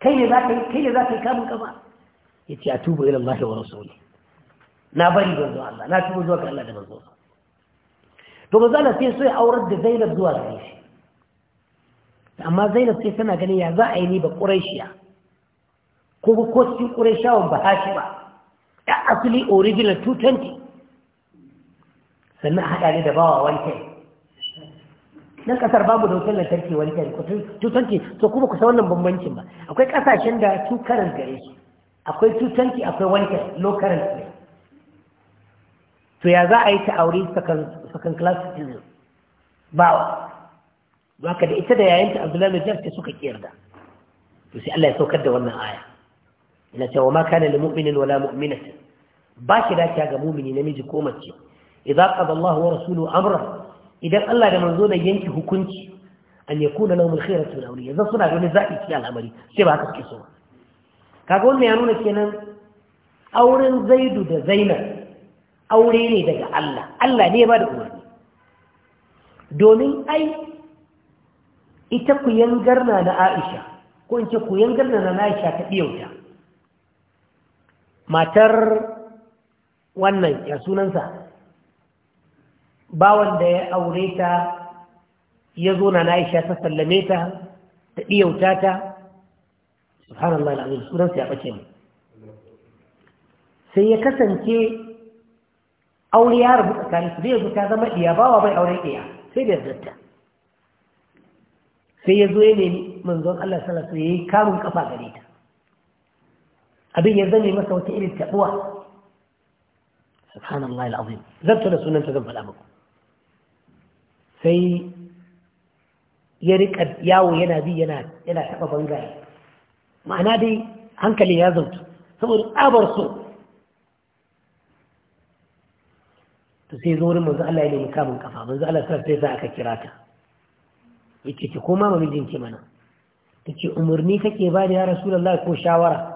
A: kai ne za ka yi kai ne za ka yi kamun kafa yace a tubu ila Allah wa rasuli na bari manzo Allah na tubu zuwa ga Allah da manzo to manzo Allah sai so ya aurar da Zainab zuwa gare shi amma Zainab sai tana ganin ya za a yi ni ba Quraishiya ko ko cikin Quraishawan ba ba? ya asali original 220 sannan haɗa ne da bawa wanke nan kasar babu da wutar lantarki wanke 220 so kuma kusa wannan bambancin ba akwai kasashen da 2 current gare shi akwai 220 akwai wanke low current ne to ya za a yi ta aure second class bawa ba ka da ita da yayinta abdullahi jar ta suka kiyar da to sai Allah ya saukar da wannan aya Na cewa ma kana lil mu'minin wala mu'minati ba shi dace ga mu'mini namiji ko mace idza qada Allah wa rasuluhu amra idan Allah da manzo da yanki hukunci an yakuna lahum al min amri suna gani zai ci cikin al'amari sai ba ka suke so kaga wannan ya nuna kenan auren Zaidu da Zainab aure ne daga Allah Allah ne ba da umarni domin ai ita ku yangarna na Aisha ko in ce ku yangarna na Aisha ta biyauta matar wannan ya sunansa bawan da ya aure ta ya zo na Aisha ta sallame ta ta ɗiyauta ta subhanallah al'azim sunansa ya ɓace mu sai ya kasance aure ya rabu tsakanin su zai zo ta zama ɗiya bawa bai aure ɗiya sai da zarta sai ya zo ya nemi manzon Allah sallallahu alaihi wasallam yi kamun kafa gare ta أبي يذني مسا وتئني التقوى سبحان الله العظيم ذبت لسنة ذنب الأمر سي يرك ياو ينا يناد إلى ينا حفظ ما نادي دي هنك اللي يذبت ثم أبرسو تسيزور من زعل إلي مكام كفا من زعل سرتي ذاك كراتا يتكي كوما ومدين كمانا تكي أمرني كي بادي يا رسول الله كو شاورا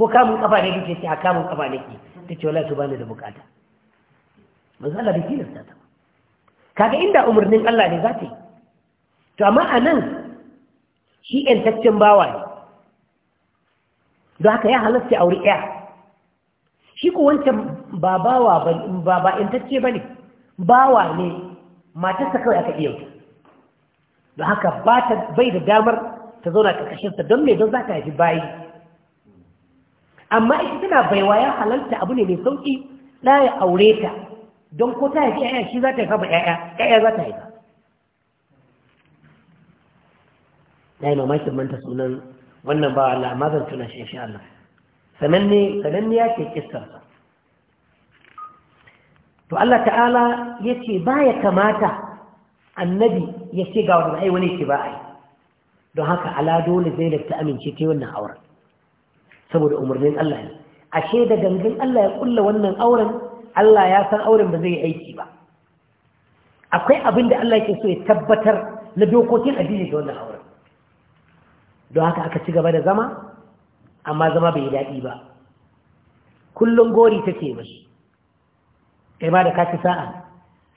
A: ko kamun kafa ne kike ce a kamun kafa ne ki tace wallahi to bani da bukata manzo Allah bai tilasta ta kaga inda umurnin Allah ne zata yi to amma anan shi taccen bawa ne don haka ya halasta aure ɗaya shi ko wancan ba bawa ba ba ba entacce bane bawa ne matarsa kawai aka iya don haka ba ta bai da damar ta zauna ƙarƙashinsa don me don za ta haifi bayi amma ita tana baiwa ya halarta abu ne mai sauƙi na ya aure ta don ko ta haifi ‘ya'ya shi za ta haifa ‘ya'ya ‘ya'ya za ta haifa na yi mamakin manta sunan wannan ba Allah amma zan tuna shi insha Allah sananne sananne ya ke kissarsa to Allah ta'ala ya ce ba ya kamata annabi ya ce ga wani ai wani ke ba ai don haka ala dole zai ta amince ta wannan auren saboda umarnin Allah ne ashe da gangan Allah ya kulla wannan auren Allah ya san auren ba zai aiki ba akwai abin da Allah yake so ya tabbatar na dokokin addini da wannan auren don haka aka ci gaba da zama amma zama bai daɗi ba kullum gori take mashi kai ba da kaci sa'a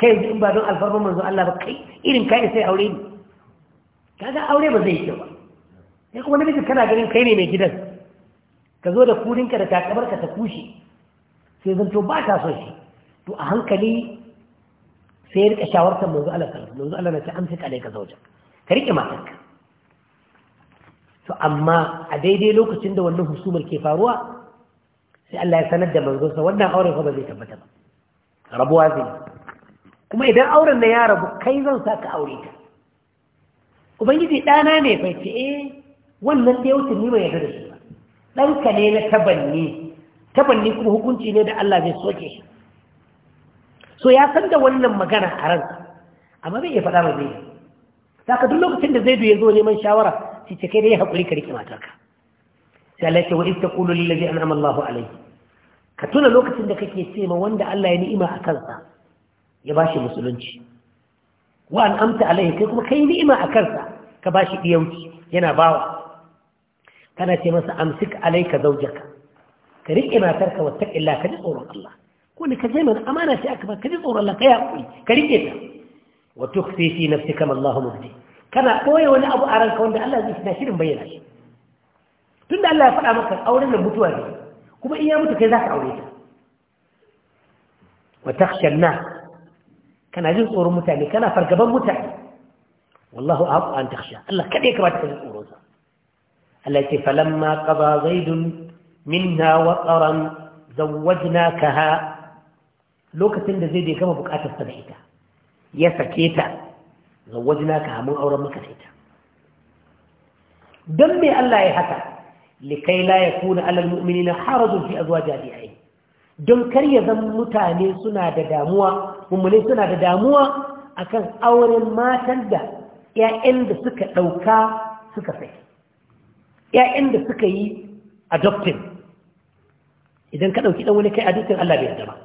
A: kai yanzu in ba don alfarmar manzo Allah ba kai irin kai sai aure ne kaga aure ba zai yi ba sai kuma namiji kana ganin kai ne mai gidan ka zo da kurinka da takabarka ta kushe sai zanto ba ta son shi to a hankali sai ya rika shawartar manzo Allah sallallahu manzo Allah na ce an fika ka zauja ka rike matarka to amma a daidai lokacin da wannan husumar ke faruwa sai Allah ya sanar da manzo sa wannan auren fa ba zai tabbata ba rabuwa zai kuma idan auren na ya rabu kai zan saka aure ta ubangiji ɗana ne bai ce eh wannan da ya wuce ni bai yarda da shi ɗanka ne na tabanni tabanni kuma hukunci ne da Allah zai soke shi so ya san da wannan magana a ransa amma zai iya faɗa ba zai za duk lokacin da zai ya zo neman shawara shi ce kai dai haƙuri ka riƙe matarka sai Allah ce wa ita kulu lillazi an amallahu alaihi ka tuna lokacin da kake ce ma wanda Allah ya ni'ima a kansa ya bashi musulunci wa an amta alaihi kai kuma kai ni'ima a kansa ka bashi ɗiyauci yana bawa كان يتمسى أمسك عليك زوجك كريك ما ترك واتك إلا كذي صور الله ما كجيما أمانة أكبر كذي صور الله كيأوي كريك إذا وتخفي في نفسك ما الله مهدي كان أوي ولا أبو أرانك وانا الله ذي سناشير مبينا تن الله فأنا مكر أولا نبتوا ذي كما إيامت كذاك أوليك وتخشى الناس كان ذي صور متعني كان فرقبا متعني والله أعطى أن تخشى الله كذي كما تخشى التي فلما قضى زيد منا وطرا زوجناكها لوكتين da zai gama bukatar sa da ita ya sake ta zawajnaka mun auren maka da ita dan me Allah ya haka likai la yakuna alal mu'minina harajun fi azwaji adiyin don kar ya zan mutane suna da damuwa mummune suna da damuwa akan auren matan da 'ya'yan da suka ɗauka suka sai ‘ya'yan da suka yi adoptin idan ka ɗauki ɗan wani kai adoptin Allah bai yarda ba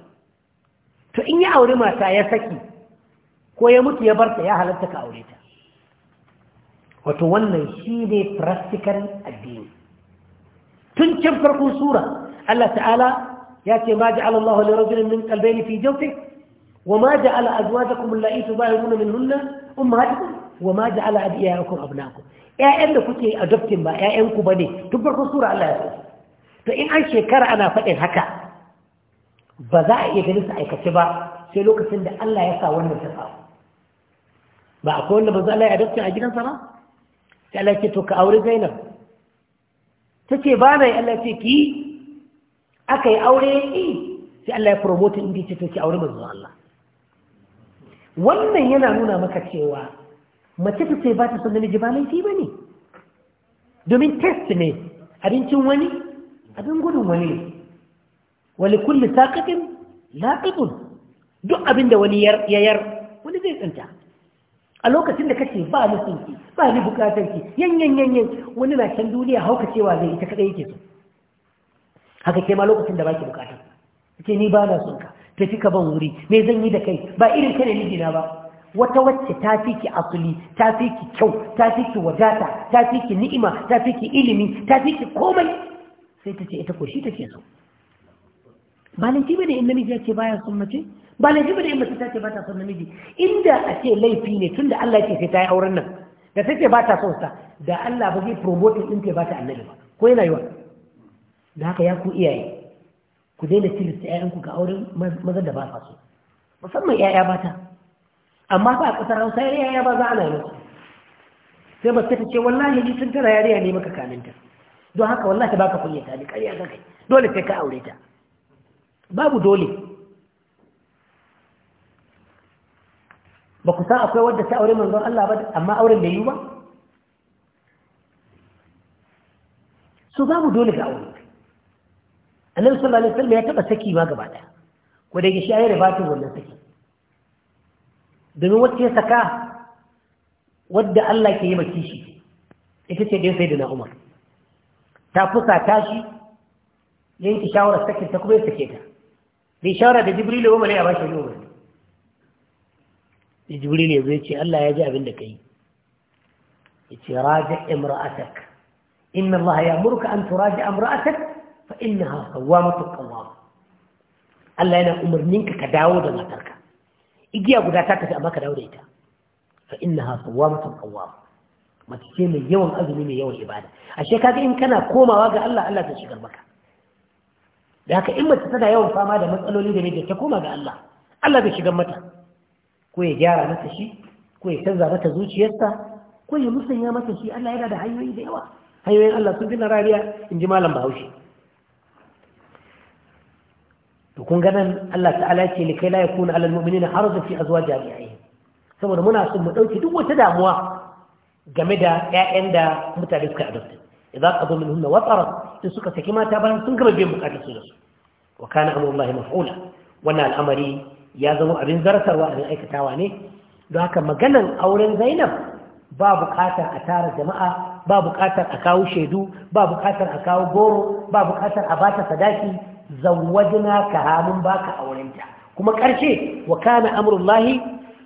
A: to in ya aure mata ya saki ko ya mutu ya barta ya halatta ka aure ta wato wannan shi ne practical addini tun can farkon sura Allah ta'ala ya ce ma ja'ala Allah li rajulin min qalbayni fi jawfihi wa ma ja'ala azwajakum allati tuzahiruna umma ummahatukum wa ma ja'ala adiyakum abnakum ƴaƴan da kuke adopting ba ƴaƴan ku ne. duk farkon sura Allah ya ce to in an shekara ana faɗin haka ba za a iya ganin su aikace ba sai lokacin da Allah ya sa wannan ta tsawo ba akwai wanda ba za a adoptin a gidansa ba sai Allah ce to ka aure Zainab Ta ce ba yi Allah ce ki aka yi aure yi sai Allah ya promote inda ce to ki aure manzo Allah wannan yana nuna maka cewa mace ta ce ba ta son namiji ba laifi ba ne domin test ne abincin wani abin gudun wani wani kulli saƙaƙin laƙaƙun duk abin da wani yar, wani zai tsanta. a lokacin da kace ba ni sunki ba ni bukatar ki 'yan-'yan, wani na can duniya hauka cewa zai ita kadai yake so haka ke ma lokacin da baki bukatar kace ni ba na sunka tafi ka ban wuri me zan yi da kai ba irin kane miji na ba wata wacce ta fi ki asuli, ta fi ki kyau ta fi ki wadata ta fi ki ni'ima ta fi ki ilimi ta fi ki komai sai ta ce ita ko shi take so ba laifi bane in namiji ya ce baya son mace ba laifi bane in mace ta ce ba ta son namiji inda a ce laifi ne tunda Allah yake sai ta yi auren nan da ta ce ba ta son sa da Allah ba zai promoting din ta ba ta annabi ba ko yana yiwa da haka ya ku iyaye ku daina tilasta ƴaƴanku ga auren mazan da ba sa so musamman ƴaƴa mata amma ba a ƙasar hausa yariya ya ba za ana yi sai ba ta ce wallahi ni tun tana yariya ne maka kaminta don haka wallahi ba ka kunyata ne ƙarya ga kai dole sai ka aure ta babu dole ba ku san akwai wadda ta aure manzon Allah ba amma auren da yi ba su babu dole ga aure annabi sallallahu alaihi wasallam ya taba saki ma gaba daya ko da yake shi ba ta wannan saki domin wacce ya saka wadda Allah ke yi maki shi ita ce dai sai da na umar ta fusa tashi yanki shawarar sakin ta kuma ya sake ta bai shawara da jibrilu ba male a bashi yau bane jibrilu ya zai ce Allah ya ji abin da kai ya ce raja imra'atak inna Allah ya murka an turaja imra'atak fa innaha qawwamatuk qawwam Allah yana umarninka ka dawo da matarka igiya guda ta tafi amma ka dawo da ita fa innaha sawamatan qawwam mace ce mai yawan azumi mai yawan ibada ashe kaga in kana komawa ga Allah Allah ta shigar maka da haka in mace tana yawan fama da matsaloli da ne ta koma ga Allah Allah zai shigar mata ko ya gyara mata shi ko ya canza mata zuciyarta ko ya musanya mata shi Allah yana da hanyoyi da yawa hanyoyin Allah sun fi na rariya in ji malam Bahaushe to kun ga nan Allah ta'ala ce kai la yakuna alal mu'minina harajun fi azwaji ajma'in saboda muna son mu dauki duk wata damuwa game da ƴaƴan da mutane suka adopta idan qadu minhunna watara in suka saki mata bayan sun gama biyan bukatun su da su wa kana amrullahi maf'ula wannan al'amari ya zama abin zartarwa abin aikatawa ne don haka maganan auren Zainab ba bukatar a tara jama'a ba bukatar a kawo shaidu ba bukatar a kawo goro ba bukatar a bata sadaki zawwajna ka hamun baka aurenta kuma karshe wa kana amrullahi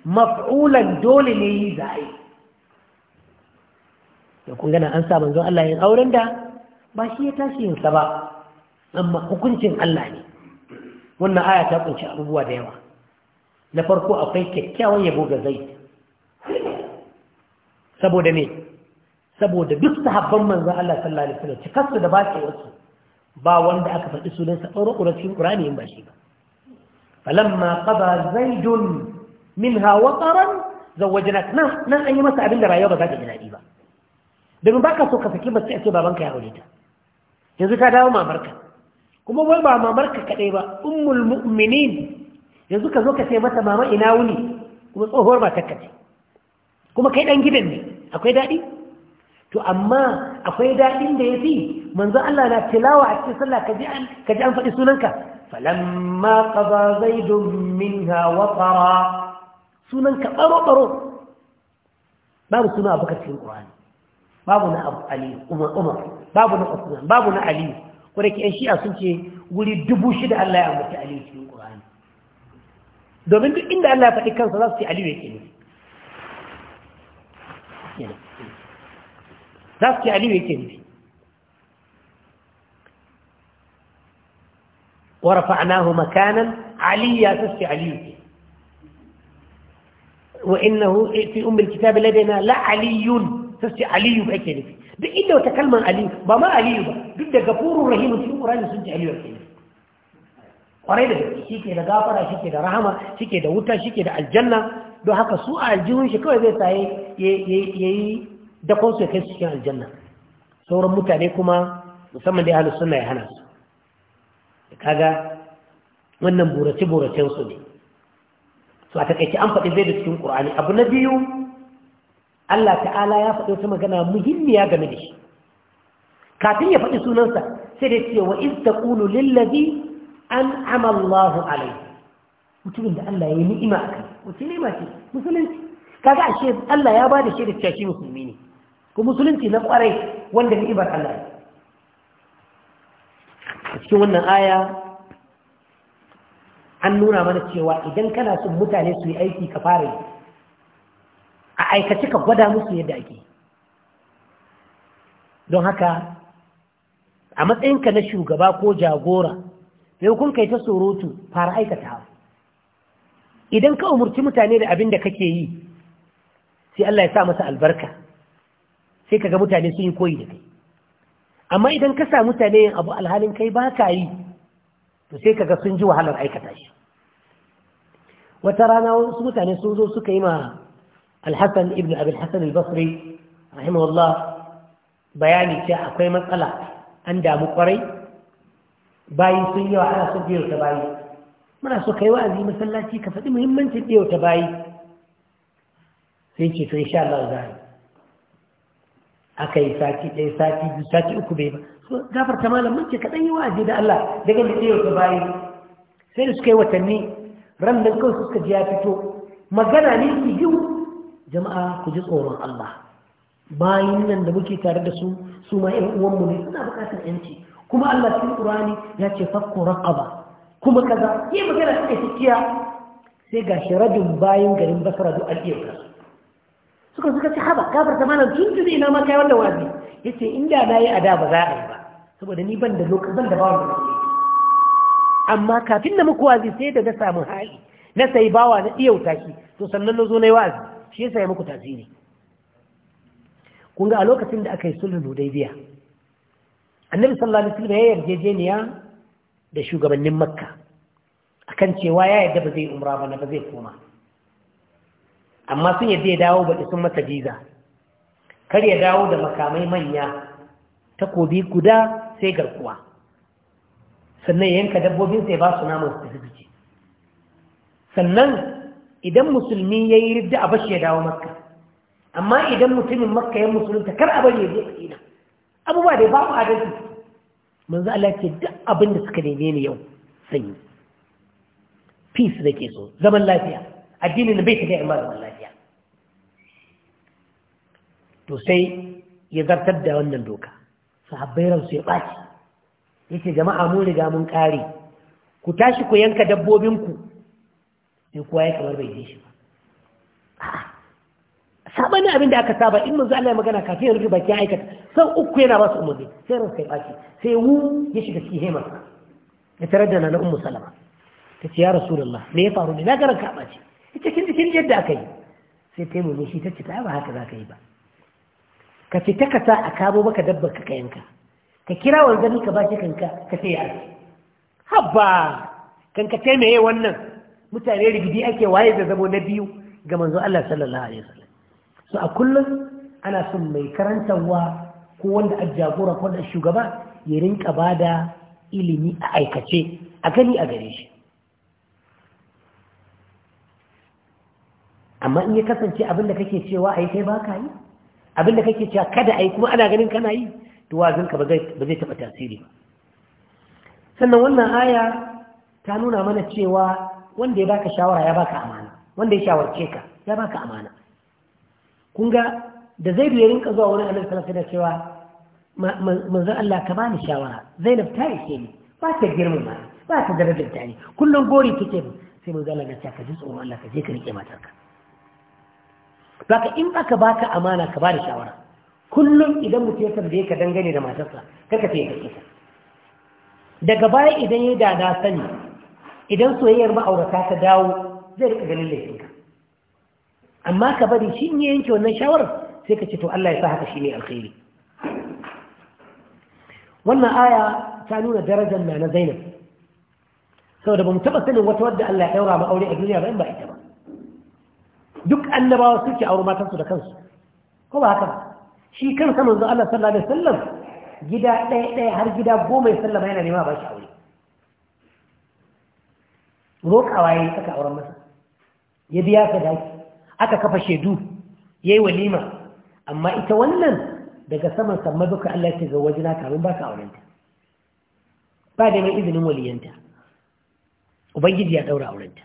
A: maf'ulan dole ne yi zai da kun gana an sa manzon Allah yin auren da ba shi ya tashi yin sa ba amma hukuncin Allah ne wannan aya ta kunshi abubuwa da yawa na farko akwai kyakkyawan yabo ga zai saboda ne saboda duk sahabban manzon Allah sallallahu alaihi wasallam cikas da ba wasu ba wanda aka faɗi sunansa ɗaura cikin ƙurani in ba shi ba falamma qada zaidun minha wataran zawwajna nan nan an yi masa abin da rayuwa ba za ta ji daɗi ba domin baka so ka saki mace a ce babanka ya aure ta yanzu ka dawo mamarka kuma wai ba mamarka kaɗai ba ummul mu'minin yanzu ka zo ka ce mata mama ina wuni kuma tsohuwar matarka ce kuma kai ɗan gidan ne akwai daɗi to amma akwai daɗin da ya fi manzo Allah na tilawa a cikin sallah kaji an faɗi sunanka falamma qada zaidun minha watara sunanka baro baro babu suna abu ka cikin qur'ani babu na abu ali umar umar babu na usman babu na ali ko da ke yan shi'a sun ce guri dubu shida Allah ya ambaci ali cikin qur'ani domin duk inda Allah ya faɗi kansa za su ce ali ke ne za su ce aliyu yake nufi ورفعناه مكانا عليا تسك علي وإنه في أم الكتاب لدينا لا علي تسك علي بأكلف بإلا وتكلم علي بما علي ضد sun رحيم في القرآن سنت علي بأكلف kwarai da shi ke da gafara shi ke da rahama shi ke da wuta shi ke da aljanna don haka su a aljihun shi kawai zai saye ya yi da kun su kai su cikin aljanna sauran mutane kuma musamman da halittu suna ya hana su kaga wannan burace buracen su ne Su a takaice an faɗi zai da cikin qur'ani abu na biyu Allah ta'ala ya faɗi wata magana muhimmiya game da shi kafin ya faɗi sunansa sai dai ce wa in taƙulu lillazi an amallahu alai mutumin da Allah ya yi ni'ima a kai, wace ni'ima ce musulunci kaga ashe Allah ya bada shi da cewa musulmi ne ko musulunci na kwarai wanda ibar Allah a cikin wannan aya an nuna mana cewa idan kana son mutane su yi aiki ka fara yi a aikace ka gwada musu yadda ake don haka a matsayinka na shugaba ko jagora ya kun kai ta surutu fara aikata idan ka umurci mutane da abin da kake yi sai Allah ya sa masa albarka sai kaga mutane sun yi koyi da kai amma idan ka sa mutane yin abu alhalin kai ba ka yi to sai kaga sun ji wahalar aikata shi wata rana wasu mutane sun zo suka yi ma alhassan ibn abin hassan albasri rahimahullah bayani ce akwai matsala an damu kwarai bayi sun yi yawa ana son ta bayi muna so kai wa'azi masallaci ka faɗi muhimmancin ta bayi sai ce to insha Allah za aka yi sati ɗaya sati biyu sati uku bai ba so ta malam mun ce ka ɗan yi wa'azi da Allah daga da ɗaya ta bayi sai da suka yi watanni ran da kawai suka ji ya fito magana ne su yi jama'a ku ji tsoron Allah Bayan nan da muke tare da su su ma ƴan uwanmu ne suna buƙatar 'yanci. kuma Allah cikin Qur'ani ya ce fakku raqaba kuma kaza yi magana ta gaskiya sai gashi rabin bayan garin Basra duk al'iyar suka suka ci haba gafar ta manan tun tuni ina ma kai Ya wazi yace inda na yi da ba za a yi ba saboda ni ban da lokacin ban da bawan da amma kafin na muku wazi sai da na samu hali na sai bawa na wuta shi to sannan na zo na yi wazi shi yasa ya muku tasiri kun ga a lokacin da aka yi sulhu hudaybiya annabi sallallahu alaihi wasallam ya yarjejeniya da shugabannin makka akan cewa ya yarda ba zai umra ba na ba zai koma amma sun yadda ya dawo ba sun masa jiza kar ya dawo da makamai manya takobi guda sai garkuwa sannan yanka dabbobinsa ya ba su namun su sannan idan musulmi ya yi ridda a bashi ya dawo makka amma idan mutumin makka ya musulunta kar a bari ya zo madina abubuwa da babu adalci manzo Allah ce duk abin da suka neme ni yau sanyi peace ke so zaman lafiya addinin bai tafiya in ba lafiya to sai ya zartar da wannan doka sahabbai ransu ya ɓaci ya ce jama'a mun riga mun ƙare ku tashi ku yanka dabbobinku sai kuwa ya kamar bai ji shi ba sabanin abin da aka saba in manzo Allah ya magana kafin ya rufe baki ya aikata san uku yana ba su umarni sai ran ya baki sai wu ya shiga cikin hemar ya tarar da na ummu salama ta ce ya rasulullah me ya faru ne na garan ka bace cikin yadda aka yi sai ta yi shi ta ce ta ba haka za ka yi ba ka fita ka sa a kamo maka dabba ka ka yanka ka kira wanzani ka bashi kanka ka sai habba kanka ta mai wannan mutane rigidi ake waye da zamo na biyu ga manzo Allah sallallahu alaihi wasallam so a kullum ana son mai karantarwa ko wanda a jagora ko da shugaba ya rinka bada ilimi a aikace a gani a gare shi amma in ya kasance abin da kake cewa ai kai ba ka yi abin da kake cewa kada yi kuma ana ganin kana yi to wazinka ba zai taɓa tasiri ba sannan wannan aya ta nuna mana cewa wanda ya baka shawara ya baka amana wanda ya shawarce ka ya baka amana kun ga da zai biya rinka zuwa wani annabi sallallahu alaihi cewa manzon Allah ka bani shawara Zainab ta yi ni ba ta girma ba ta darajar ta ne kullum gori take sai manzon Allah ya ce ka ji tsoron Allah ka je ka rike matarka Baka in aka baka amana ka bada shawara kullum idan mutum ya tambaye ka dangane da matarsa karka ce ya kake daga baya idan ya da na sani idan soyayyar ma'aurata ta dawo zai rika ganin ka, amma ka bari shi ne yanke wannan shawarar sai ka ce to Allah ya sa haka shi ne alkhairi wannan aya ta nuna darajar na na Zainab saboda bamu taba sanin wata wadda Allah ya daura ma aure a duniya ba in ba ita ba duk annabawa suke auri matansu da kansu ko ba haka shi kansa manzo Allah sallallahu alaihi wasallam gida ɗaya ɗaya har gida goma ya sallama yana nema ba shi aure rokawa yi aka auren masa ya biya ka daki aka kafa shedu yayi walima amma ita wannan daga saman samar duka Allah ya ce ga wajina kamin ba ka aurenta ba da mai izinin waliyanta ubangiji ya ɗaura aurenta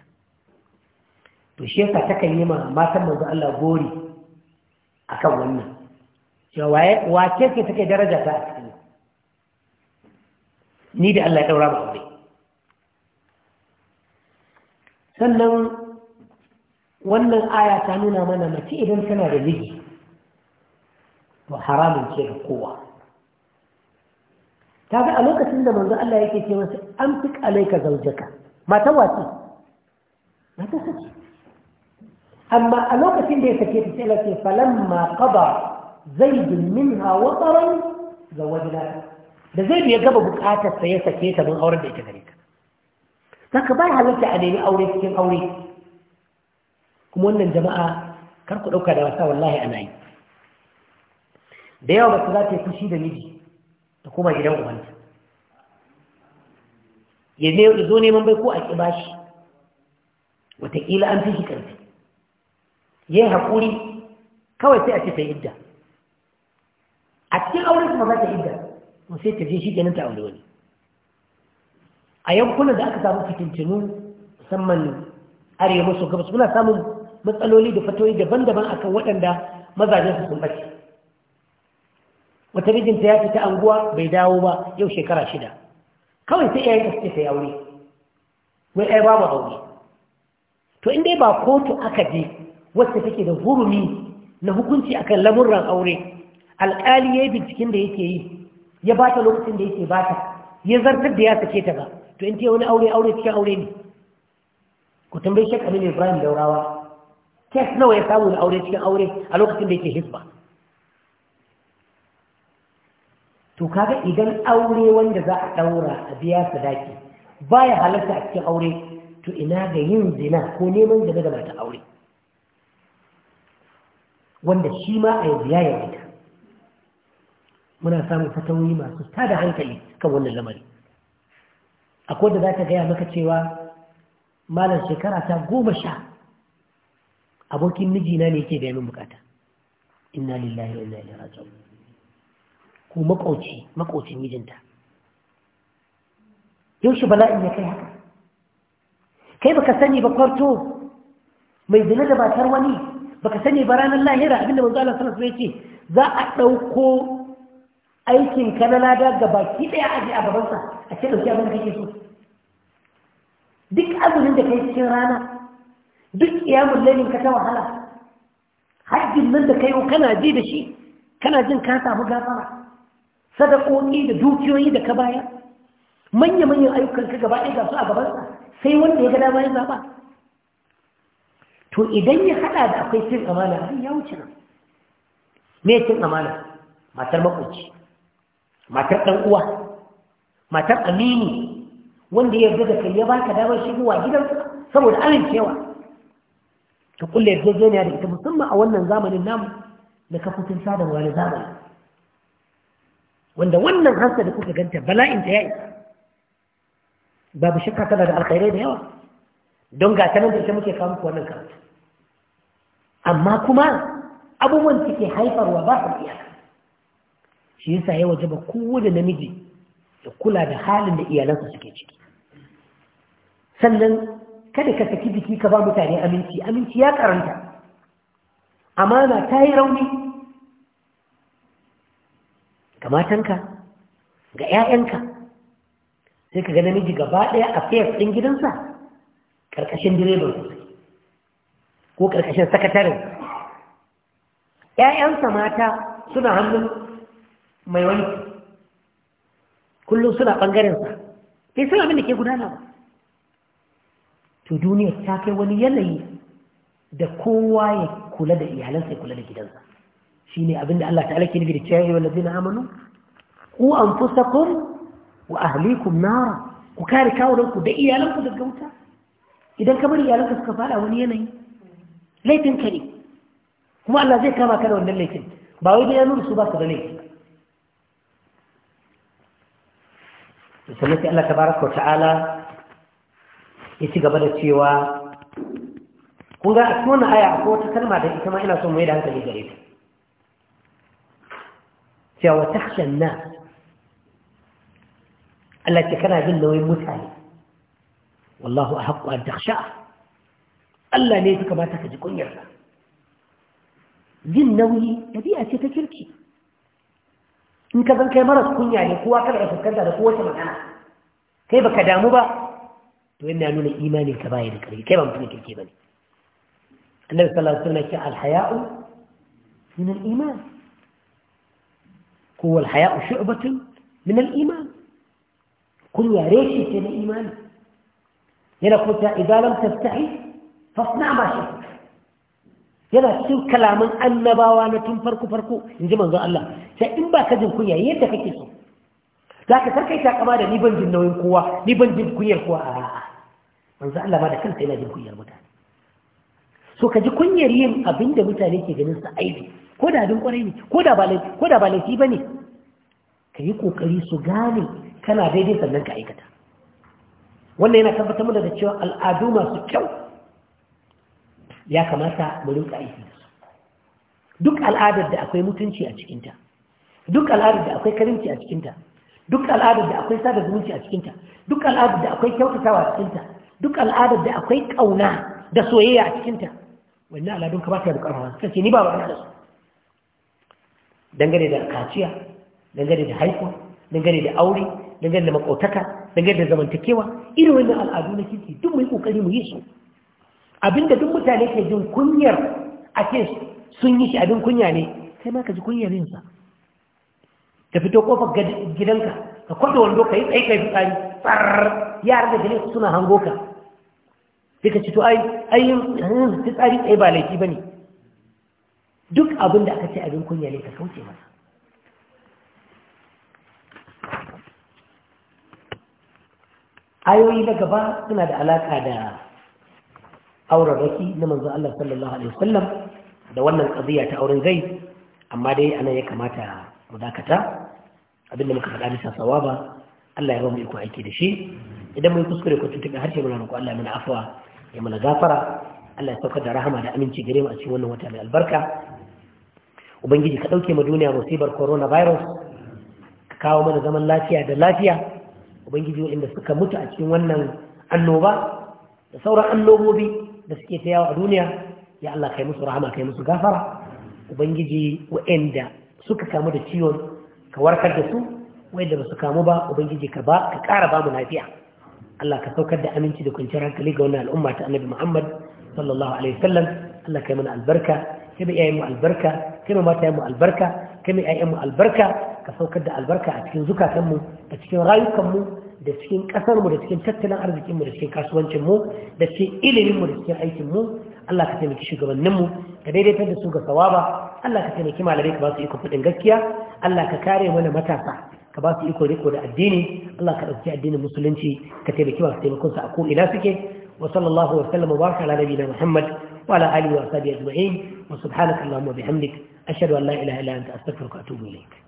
A: to shi yasa takan yi ma matan manzo Allah gori akan wannan cewa wace ce take daraja ta a cikin ni da Allah ya daura ba aure sannan wannan aya ta nuna mana mace idan tana da miji to haramun ce ga kowa ta ga a lokacin da manzo Allah yake ce masa an fi alaika zaujaka mata wace mata sace a lokacin da ya sake ta دي فكيت سألتي فلما قضى زيد منها وطرا زوجناها da zai biya gaba bukatar sa ya sake ta don auren da ita gare ta ka bai halatta a nemi aure cikin aure kuma wannan jama'a kar ku ɗauka da wasa wallahi ana yi da yawa ba su za ta yi fushi da miji ta koma gidan ubanta ya zo neman bai ko a ƙi bashi wataƙila an fi shi ƙarfi ya hakuri kawai sai a ce ta idda a cikin aure kuma za ta idda mu sai ta je shi kenan ta aure wani a yankunan da aka samu fitintinu musamman arewa maso gabas muna samun matsaloli da fatoyi daban-daban akan waɗanda mazajen su sun bace wata mijinta ya fita anguwa bai dawo ba yau shekara shida kawai sai iyayen ta suke aure wai ai babu aure to in dai ba kotu aka je wacce take da hurumi na hukunci akan lamurran aure alƙali ya yi binciken da yake yi ya ba ta lokacin da yake ba ta ya zartar da ya sake ta ba to in ce wani aure aure cikin aure ne ku tambayi shek amin ibrahim daurawa kes nawa ya samu da aure cikin aure a lokacin da yake hisba to kaga idan aure wanda za a daura a biya sadaki baya halarta a cikin aure to ina ga yin zina ko neman zina da mata aure wanda shi ma a yanzu ya yarda muna samun fatawoyi masu tada hankali kan wannan lamari akwai da za ta gaya maka cewa malar shekara ta goma sha abokin mijina ne yake da yamin bukata inna lillahi wa inna ilaihi raji'un ko makauci makauci mijinta yaushe bala'i ya kai haka kai baka sani ba kwarto mai zina da matar wani baka sani ba ranar lahira abinda manzo Allah sallallahu alaihi wasallam ce za a dauko aikin ka na lada ga baki daya a ji a gaban sa a ce dauki abin da kake so duk azumin da kai cikin rana duk iyamul lailin ka ta wahala hajjin nan da kai kana ji da shi kana jin ka samu gafara sadakoki da dukiyoyi da ka baya. manya-manyan ayyukan ka gaba ɗaya ga su a gabansa sai wanda ya ga dama ya zaba to idan ya haɗa da akwai cin amana ai ya wuce nan me cin amana matar makwabci matar ɗan uwa matar amini wanda ya yarda da kai ya ba ka damar shigowa gidan saboda amincewa ta kulle yarjejeniya da ita musamman a wannan zamanin namu da kafofin sadarwa na zamani wanda wannan hansa da kuka ganta bala'in ta ya isa babu shakka tana da alkhairai da yawa don ga nan da ita muke kawo muku wannan karatu amma kuma abubuwan suke haifarwa ba su iyaka shi yasa ya waje ba da namiji da kula da halin da iyalansa suke ciki sannan kada ka saki jiki ka ba mutane aminci aminci ya karanta amana ta yi rauni ga matanka ga 'ya'yanka sai ka ga namiji gaba ɗaya a fiye ɗin gidansa ƙarƙashin direban su. ko ƙarƙashin sakataren ‘ya'yansa mata suna hannun mai wani kullum suna ɓangarensa sai suna min da ke gudana ba to duniya ta kai wani yanayi da kowa ya kula da iyalansa ya kula da gidansa shi ne abin da Allah ta alaƙi da cewa yi wallazi na amanu ku an kun wa ahalikun nara ku kare kawunanku da iyalanku daga wuta idan kamar iyalanka suka fada wani yanayi ليتن كني كما الله زي كما كان ولا ليتن باويد يا نور صباح كذا ليتن سلمت الله تبارك وتعالى يسي قبل التيوى كون ذا آية عفوة تكلم هذا إتما إلا سمو إلا هذا الجريب فهو تخشى الناس التي كان ذنه متعي والله أحق أن تخشاه Allah ne suka mata ka ji kunyarsa jin nauyi ɗabi'a ce ta kirki in ka zan kai maras kunya ne kowa kada ya fuskanta da kowace magana kai baka damu ba to yana nuna imanin ka baya da ƙarfi kai ba mutum kirki bane annabi sallallahu alaihi wasallam ya ce al-haya'u min al-iman ko al-haya'u shu'batun min al-iman kunya reshe ce na imani yana kuma ta idan lam tastahi fasna ba shi yana cikin kalaman annabawa na tun farko farko in ji manzo Allah sai in ba ka jin kunya yadda kake so zaka karka yi takama da ni jin nauyin kowa ni jin kunyar kowa a ra'a. manzo Allah ma da kanta yana jin kunyar mutane so ka ji kunyar yin abin da mutane ke ganin sa aibi ko da abin kwarai ne ko da ba laifi ko da ba ne. bane ka yi kokari su gane kana daidai sannan ka aikata wannan yana tabbatar mana da cewa al'adu masu kyau ya kamata mu rinka aiki duk al'adar da akwai mutunci a cikinta duk al'adar da akwai karimci a cikinta duk al'adar da akwai sada zumunci a cikinta duk al'adar da akwai kyautatawa a cikinta duk al'adar da akwai ƙauna da soyayya a cikinta wannan al'adun ka ba ta bukar hawa ce ni ba wa su dangane da kaciya dangane da haihuwa dangane da aure dangane da makautaka dangane da zamantakewa irin wannan al'adu na kinki duk mu yi mu yi su abinda duk mutane ke jin kunyar a ce sun yi shi abin kunya ne sai ma ka ji kunyar yinsa ka fito kofar gidanka ka kwado wando ka yi tsaye ka yi fitsari tsarar yaran da gidansu suna hango ka sai ka ci to ayin fitsari tsaye ba laifi ba ne duk abin da aka ce abin kunya ne ka kauce masa ayoyi na gaba suna da alaka da auren na manzon Allah sallallahu alaihi wasallam da wannan qadiya ta auren gai amma dai anan ya kamata mu dakata abinda muka faɗa bisa sawaba Allah ya ba mu iko aiki da shi idan mun kuskure ko tuntuɓe harshe muna roƙo Allah mana afwa ya mana gafara Allah ya saukar da rahama da aminci gare mu a cikin wannan wata mai albarka ubangiji ka ɗauke mu duniya musibar virus ka kawo mana zaman lafiya da lafiya ubangiji waɗanda suka mutu a cikin wannan annoba da sauran annobobi da suke ta yawa a duniya ya Allah kai musu rahama kai musu gafara ubangiji wa'anda suka kamu da ciwon ka warkar da su wa'anda ba su kamu ba ubangiji ka ba ka ƙara ba mu lafiya Allah ka saukar da aminci da kwanciyar hankali ga wannan al'umma ta annabi Muhammad sallallahu alaihi wasallam Allah kai mana albarka kai mu iyayen mu albarka kai mu matayen mu albarka kai mu iyayen mu albarka ka saukar da albarka a cikin zukatanmu a cikin mu. da cikin kasarmu da cikin tattalin arzikinmu da cikin kasuwancinmu da cikin iliminmu da cikin aikinmu Allah ka taimaki shugabanninmu ka daidaitar da su ga sawaba Allah ka taimaki malamai ka ba su iko gaskiya Allah ka kare mana matasa ka ba su iko riko da addini Allah ka dauki addinin musulunci ka taimaki masu taimakon su a ko ina suke wa sallallahu wa sallama wa baraka ala nabiyina Muhammad wa ala alihi wa sahbihi ajma'in wa subhanaka allahumma bihamdik ashhadu an la ilaha illa anta astaghfiruka wa atubu ilaik